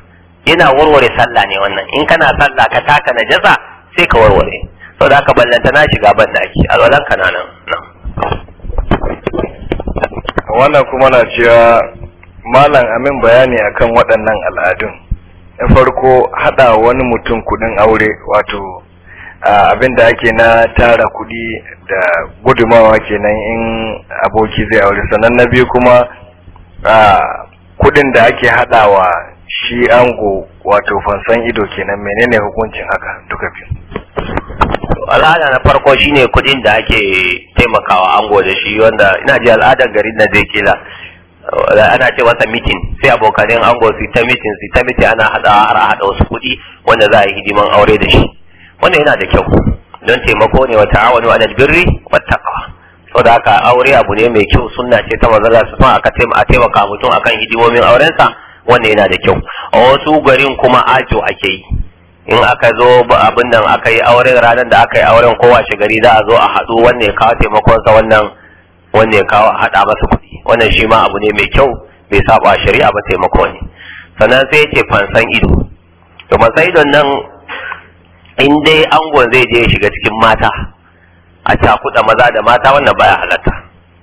ina warware sallah ne wannan in kana sallah ka taka najasa sai ka warware saboda haka ballanta na shiga ban daki alwalan ka nan wannan kuma na cewa malam amin bayani akan waɗannan al'adun na farko haɗa wani mutum kuɗin aure wato abin da ake na tara kuɗi da gudumawa kenan in aboki zai aure sannan na biyu kuma kuɗin da ake haɗawa shi ango wato fansan ido kenan menene hukuncin haka duka biyu al'ada na farko shine kuɗin da ake taimakawa ango da shi wanda ina ji al'adar garin na zai kila eh, ana ce masa mitin sai abokanin ango su ta mitin su ta mitin ana hada har hada wasu kuɗi wanda za a yi hidiman aure da shi wannan yana da kyau don taimako ne wa ta'awanu alal birri wat taqwa saboda haka aure abu ne mai kyau sunna ce ta manzon Allah sun aka taimaka taimaka mutum akan hidimomin aurensa wannan yana da kyau a wasu garin kuma ajo ake yi in aka zo abin nan aka yi auren ranar da aka yi auren kowa shi gari za a zo a haɗu wannan ya kawo taimakon sa wannan wannan ya kawo haɗa masa kuɗi wannan shi ma abu ne mai kyau bai saba shari'a ba taimako ne sannan sai ce fansan ido to fansan idon nan in dai angon zai je shiga cikin mata a cakuɗa maza da mata wannan baya halatta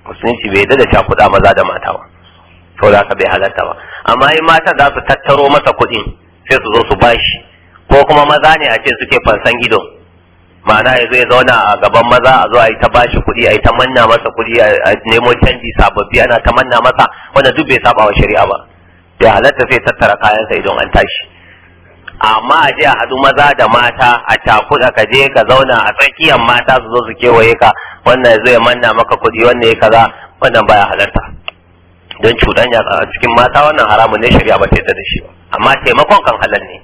musulunci bai da cakuɗa maza da mata ba to da ka bai halatta ba amma in mata za su tattaro masa kuɗin sai su zo su bashi ko kuma maza ne a ce suke fansan ido ma'ana ya ya zauna a gaban maza a zo a yi ta bashi kuɗi a yi ta manna masa kuɗi a nemo canji sababbi ana ta manna masa wanda duk bai saba wa shari'a ba bai halatta sai tattara kayansa idan an tashi amma a je a haɗu maza da mata a takuɗa ka je ka zauna a tsakiyar mata su zo su kewaye ka wannan zai manna maka kuɗi wannan ya kaza wannan baya halarta don cuɗanya a cikin mata wannan haramun ne shari'a ba ta da shi ba amma taimakon kan halar ne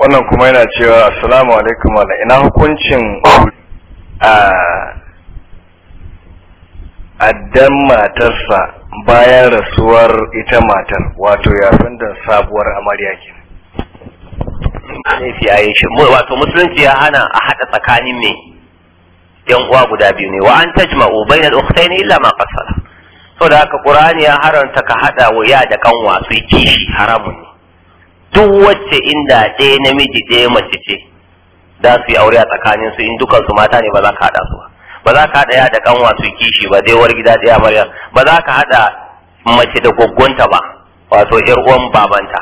wannan kuma yana cewa assalamu alaikum ina hukuncin ah, addan matarsa bayan rasuwar ita matar wato san da sabuwar amarya ke ya yi shi wato musulunci ya hana a haɗa tsakanin me yan uwa guda biyu ne wa an tajma'u bainal ukhtayn illa ma qasara da haka qur'ani ya haranta ka haɗa waya da kanwa su kishi haramun ne duk wacce inda ɗaya namiji ɗaya mace ce za su yi aure a tsakanin su in dukansu mata ne ba za ka haɗa su ba ba za ka haɗa da kanwa su kishi ba dai war gida ɗaya maryam ba za ka haɗa mace da goggonta ba wato yar uwan babanta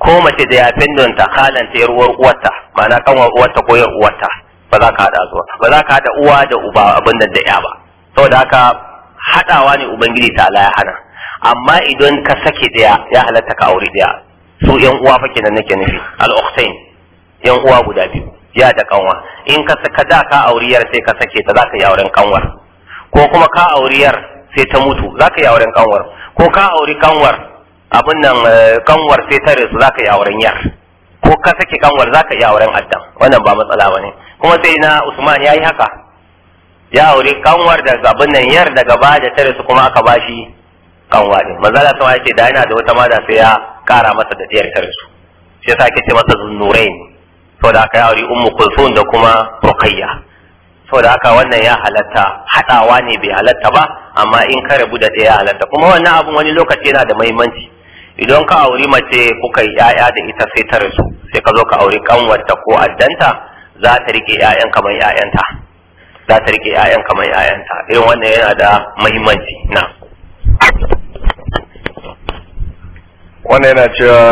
ko mace da yafin donta halanta yar uwar uwarta ma'ana kanwa uwarta ko yar uwarta ba za ka haɗa su ba za ka haɗa uwa da uba abin da da ya ba saboda haka haɗawa ne ubangiji ta ya hana amma idan ka sake ɗaya ya halatta ka aure ɗaya su yan uwa fa kenan nake nufi al-ukhtain yan uwa guda biyu ya da kanwa in ka saka da ka auriyar sai ka sake ta zaka yi auren kanwar ko kuma ka auriyar sai ta mutu zaka yi auren kanwar ko ka auri kanwar abin nan eh, kanwar sai ta rasu zaka yi auren yar ko ka sake kanwar zaka yi auren addan wannan ba matsala bane kuma sai na Usman yayi haka ya aure kanwar da abin nan yar daga ba da ta rasu kuma aka bashi kanwa din manzala sama yake da yana da wata mada sai ya kara masa da diyar ta rasu shi yasa ake ce masa zunnurain saboda aka ya aure ummu kulsum da kuma ruqayya da haka wannan ya halatta haɗawa ne bai halatta ba amma in ka rabu da ɗaya halatta kuma wannan abun wani lokaci yana da muhimmanci idan ka auri mace kuka yi ƴaƴa da ita sai ta rasu sai ka zo ka auri kanwarta ko addanta za ta rike ƴaƴan kamar ƴaƴanta za ta rike ƴaƴan kamar ƴaƴanta irin wannan yana da muhimmanci na wannan yana cewa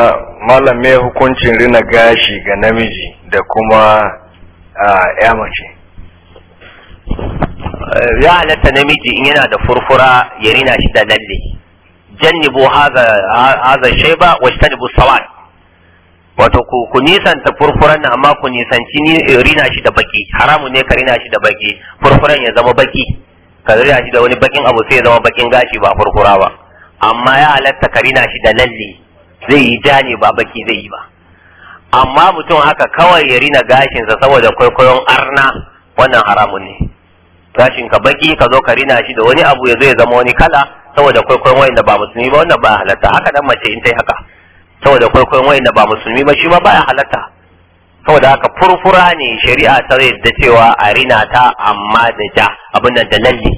malam me hukuncin rina gashi ga namiji da kuma ya mace ya halatta namiji in yana da furfura ya rina shi da lalle jannibu haza shaiba ta tajbu sawa wato ku nisanta furfuran na amma ku nisanci eh, rina shi da baki haramun ne ka rina shi da baki furfuran ya zama baki ka rina shi da wani bakin abu sai ya zama bakin gashi ba furfura ba amma ya halatta ka rina shi da lalle zai yi jani ba baki zai yi ba amma mutum haka kawai ya rina gashinsa saboda kwaikwayon arna wannan haramun ne gashin ka baki ka zo ka rina shi da wani abu ya zo ya zama wani kala saboda kwaikwayon wayanda ba musulmi ba wannan ba halatta haka dan mace in tai haka saboda kwaikwayon wayanda ba musulmi ba shi ma baya halatta saboda haka furfura ne shari'a ta zai da cewa a rina ta amma da ja abin nan da lalle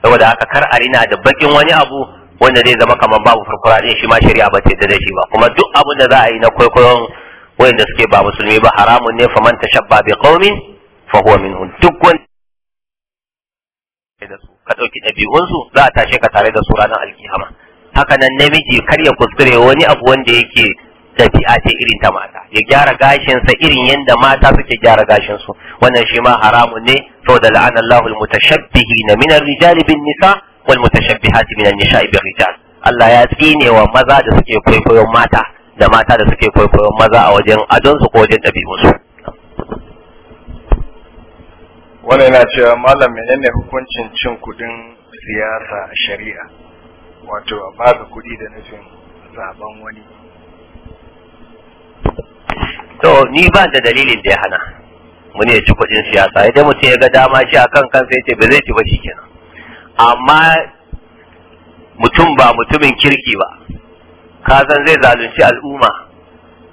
saboda haka kar a rina da bakin wani abu wanda zai zama kamar babu furfura ne shi ma shari'a ba ta da shi ba kuma duk abin da za a yi na kwaikwayon wanda suke ba musulmi ba haramun ne faman tashabba bi qaumin fa huwa minhum duk wanda da su ka dauki dabi'unsu za a tashe ka tare da su ranar alkiyama haka nan namiji kar ya kuskure wani abu wanda yake dabi'a ce irin ta mata ya gyara gashinsa irin yadda mata suke gyara gashinsu wannan shi ma haramun ne saboda la'ana Allahul mutashabbihina min ar-rijali bin nisa wal mutashabbihati min an-nisa'i bir rijal Allah ya tsine wa maza da suke kwaikwayon mata da mata da suke kwaikwayon maza a wajen adonsu ko wajen ɗabi'unsu. Wani yana cewa malam menene hukuncin cin kudin siyasa a shari'a wato a baka kudi da nufin zaben wani. To ni ba da dalilin da ya hana muni ya ci kudin siyasa idan mutum ya ga dama shi a kan kansa ya ce ba zai ci ba shi kenan amma mutum ba mutumin kirki ba ka san zai zalunci al'umma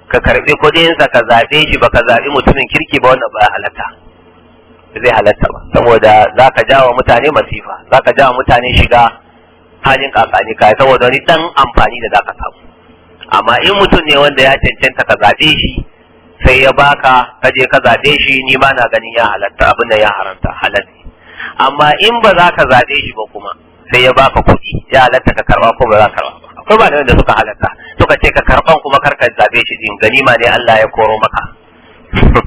ka karɓi kudinsa ka zaɓe shi ba ka zaɓi mutumin kirki ba wannan ba halatta zai halatta ba saboda za ka jawa mutane masifa za ka jawa mutane shiga halin kakani ka saboda wani dan amfani da za ka samu amma in mutum ne wanda ya cancanta ka zaɓe shi sai ya baka ka je ka zaɓe shi ni ba na ganin ya halatta abin da ya haramta halatta amma in ba za ka zaɓe shi ba kuma sai ya baka kuɗi ya halatta ka karba ko ba za ka karba akwai ba da suka halatta suka ce ka karban kuma kar ka zabe shi din ganima ne Allah ya koro maka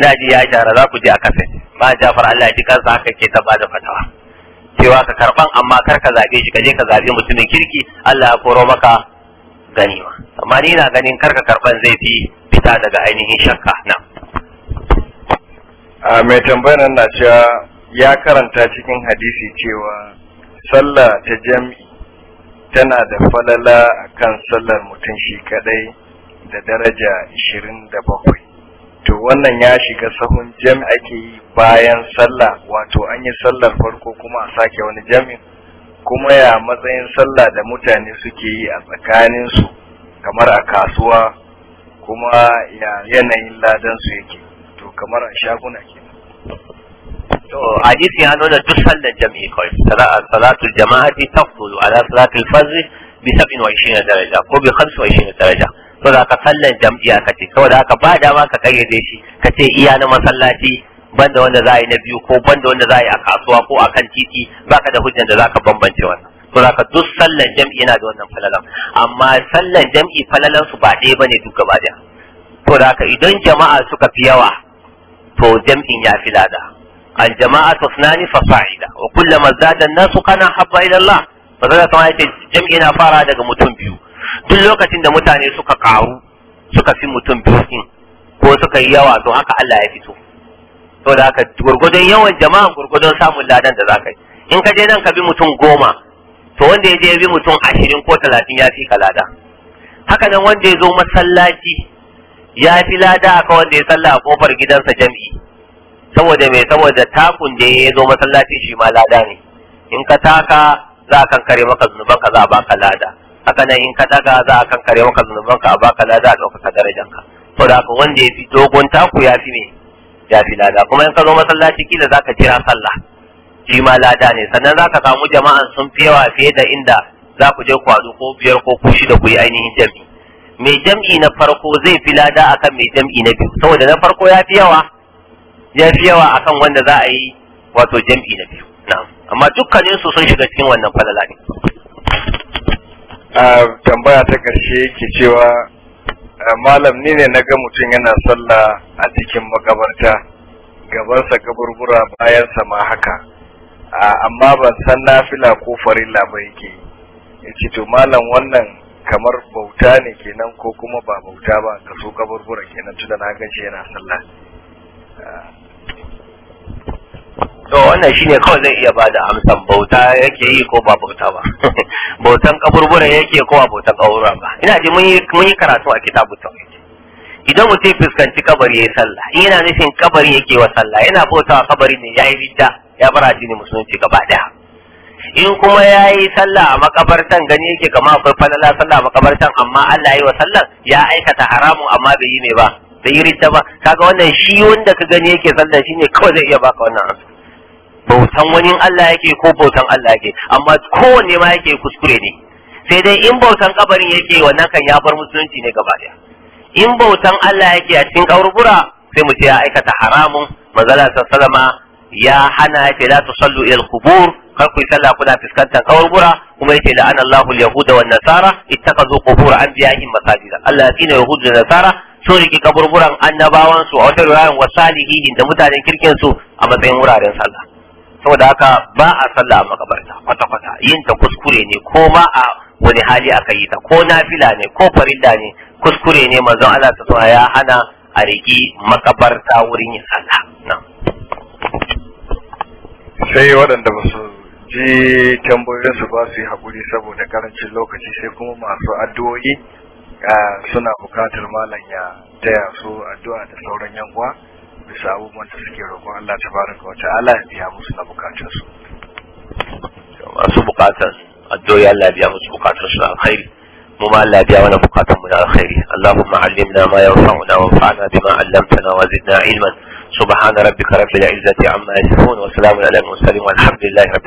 ina ji ya shara za ku je a kafe ba Jafar Allah ya ji kansa haka ke ta bada fatawa cewa ka karban amma kar ka zabe shi ka je ka zabe mutumin kirki Allah ya koro maka ganima amma ni na ganin kar ka karban zai fi fita daga ainihin shakka na a mai tambayar na cewa ya karanta cikin hadisi cewa sallah ta jami'i tana da falala a kan sallar mutum shi kadai da daraja 27 to wannan ya shiga sahun jam ake yi bayan sallah wato an yi sallar farko kuma a sake wani jami'in kuma ya matsayin sallah da mutane suke yi a tsakaninsu kamar a kasuwa kuma ya yanayin ladansu yake to kamar a shaguna ke to a hadisi ya nuna duk sallar jami'i kawai salatul jama'ati tafdulu ala salatul fajr bi 27 daraja ko bi 25 daraja to da ka sallar jami'i aka ce da haka ba dama ka kayyade shi ka ce iya na masallaci banda wanda za a yi na biyu ko banda wanda za a yi a kasuwa ko a kan titi Ba ka da hujjan da za ka bambance wannan to ka duk sallan jam'i yana da wannan falalan amma sallan jam'i falalan su ba ɗaya ne duk gaba daya to da zaka idan jama'a suka fi yawa to jam'in ya fi lada الجماعة اثنان فصاعدا وكلما زاد الناس قنا حبا إلى الله فذلك ما يتي جمعنا فارا daga mutum biyu duk lokacin da mutane suka karu suka fi mutum biyu din ko suka yi yawa to haka Allah ya fito to da haka gurgudun yawan jama'a gurgudun samun ladan da zaka yi in ka je nan ka bi mutum goma to wanda ya je ya bi mutum ashirin ko talatin ya fi ka lada haka nan wanda ya zo masallaci ya fi lada akan wanda ya salla a kofar gidansa jami'i saboda me saboda takun da ya zo masallaci shi ma lada ne in ka taka za a kankare maka zunuban ka za a baka lada haka nan in ka daga za a kankare maka zunuban ka a baka lada a ɗaukaka darajar ka to da wanda ya fi dogon taku ya fi ne ya fi lada kuma in ka zo masallaci kila za ka jira sallah shi ma lada ne sannan za ka samu jama'an sun fi yawa fiye da inda za ku je kwado ko biyar ko ku shida ku yi ainihin jam'i mai jam'i na farko zai fi lada akan mai jam'i na biyu saboda na farko ya fi yawa ya fi yawa akan wanda za a yi wato jam'i na biyu na'am amma dukkanin su sun shiga cikin wannan falala ne a tambaya ta ƙarshe ke cewa malam ni ne na ga mutum yana sallah a cikin makabarta gabansa kaburbura bayansa ma haka amma ban san nafila ko farilla ba yake Yake to malam wannan kamar bauta ne kenan ko kuma ba bauta ba kaso kaburbura kenan tunda na gan shi yana sallah to wannan shine kawai zai iya bada amsan bauta yake yi ko ba bauta ba bautan kaburbura yake ko ba bautan kaburbura ba ina ji mun yi karatu a kitabu tauhid idan mutum fuskanci kabari yayi sallah in yana nufin kabari yake wa sallah yana bautawa kabari ne yayi bidda ya bar addini musulunci gaba daya in kuma yayi sallah a makabartan gani yake kama akwai falala sallah a makabartan amma Allah yayi wa sallah ya aikata haramun amma bai yi ne ba da yi ba kaga wannan shi wanda ka gani yake sallah shine kawai zai iya baka wannan amsa bautan wani Allah yake ko bautan Allah yake amma kowanne ma yake kuskure ne sai dai in bautan kabarin yake wannan kan ya bar musulunci ne gaba daya in bautan Allah yake a cikin kaburbura sai mu ce ya aikata haramun manzala sallama ya hana ya ce la tusallu ila al-qubur kar ku sallah kuna fuskantar kaburbura kuma yake la'ana Allahu al-yahuda wan nasara ittakhadhu qubur anbiya'ihim masajida Allah ya tsina yahudu da nasara sun riƙe kaburburan annabawansu a wata riwayan wa salihihin da mutanen kirkin su a matsayin wuraren sallah saboda haka ba a sallah a makabarta kwata kwata yin ta kuskure ne ko ba a wani hali aka yi ta ko nafila ne ko farilla ne kuskure ne manzon Allah ta so ya hana a riƙi makabarta wurin yin sallah sai waɗanda ba su ji tambayoyinsu ba su yi haƙuri saboda karancin lokaci sai kuma masu addu'o'i suna bukatar malam ya taya su addu'a da sauran yankuwa bisa abubuwan da suke roƙon Allah ta baraka wa ta'ala ya biya musu na bukatun su masu bukatan addu'a Allah ya biya musu bukatun su alkhairi mu ma Allah ya biya mana bukatun mu na alkhairi Allahumma allimna ma yanfa'una wa wanfa'na bima 'allamtana wa zidna ilman subhana rabbika rabbil izzati amma yasifun wa salamun 'alal mursalin walhamdulillahi rabbil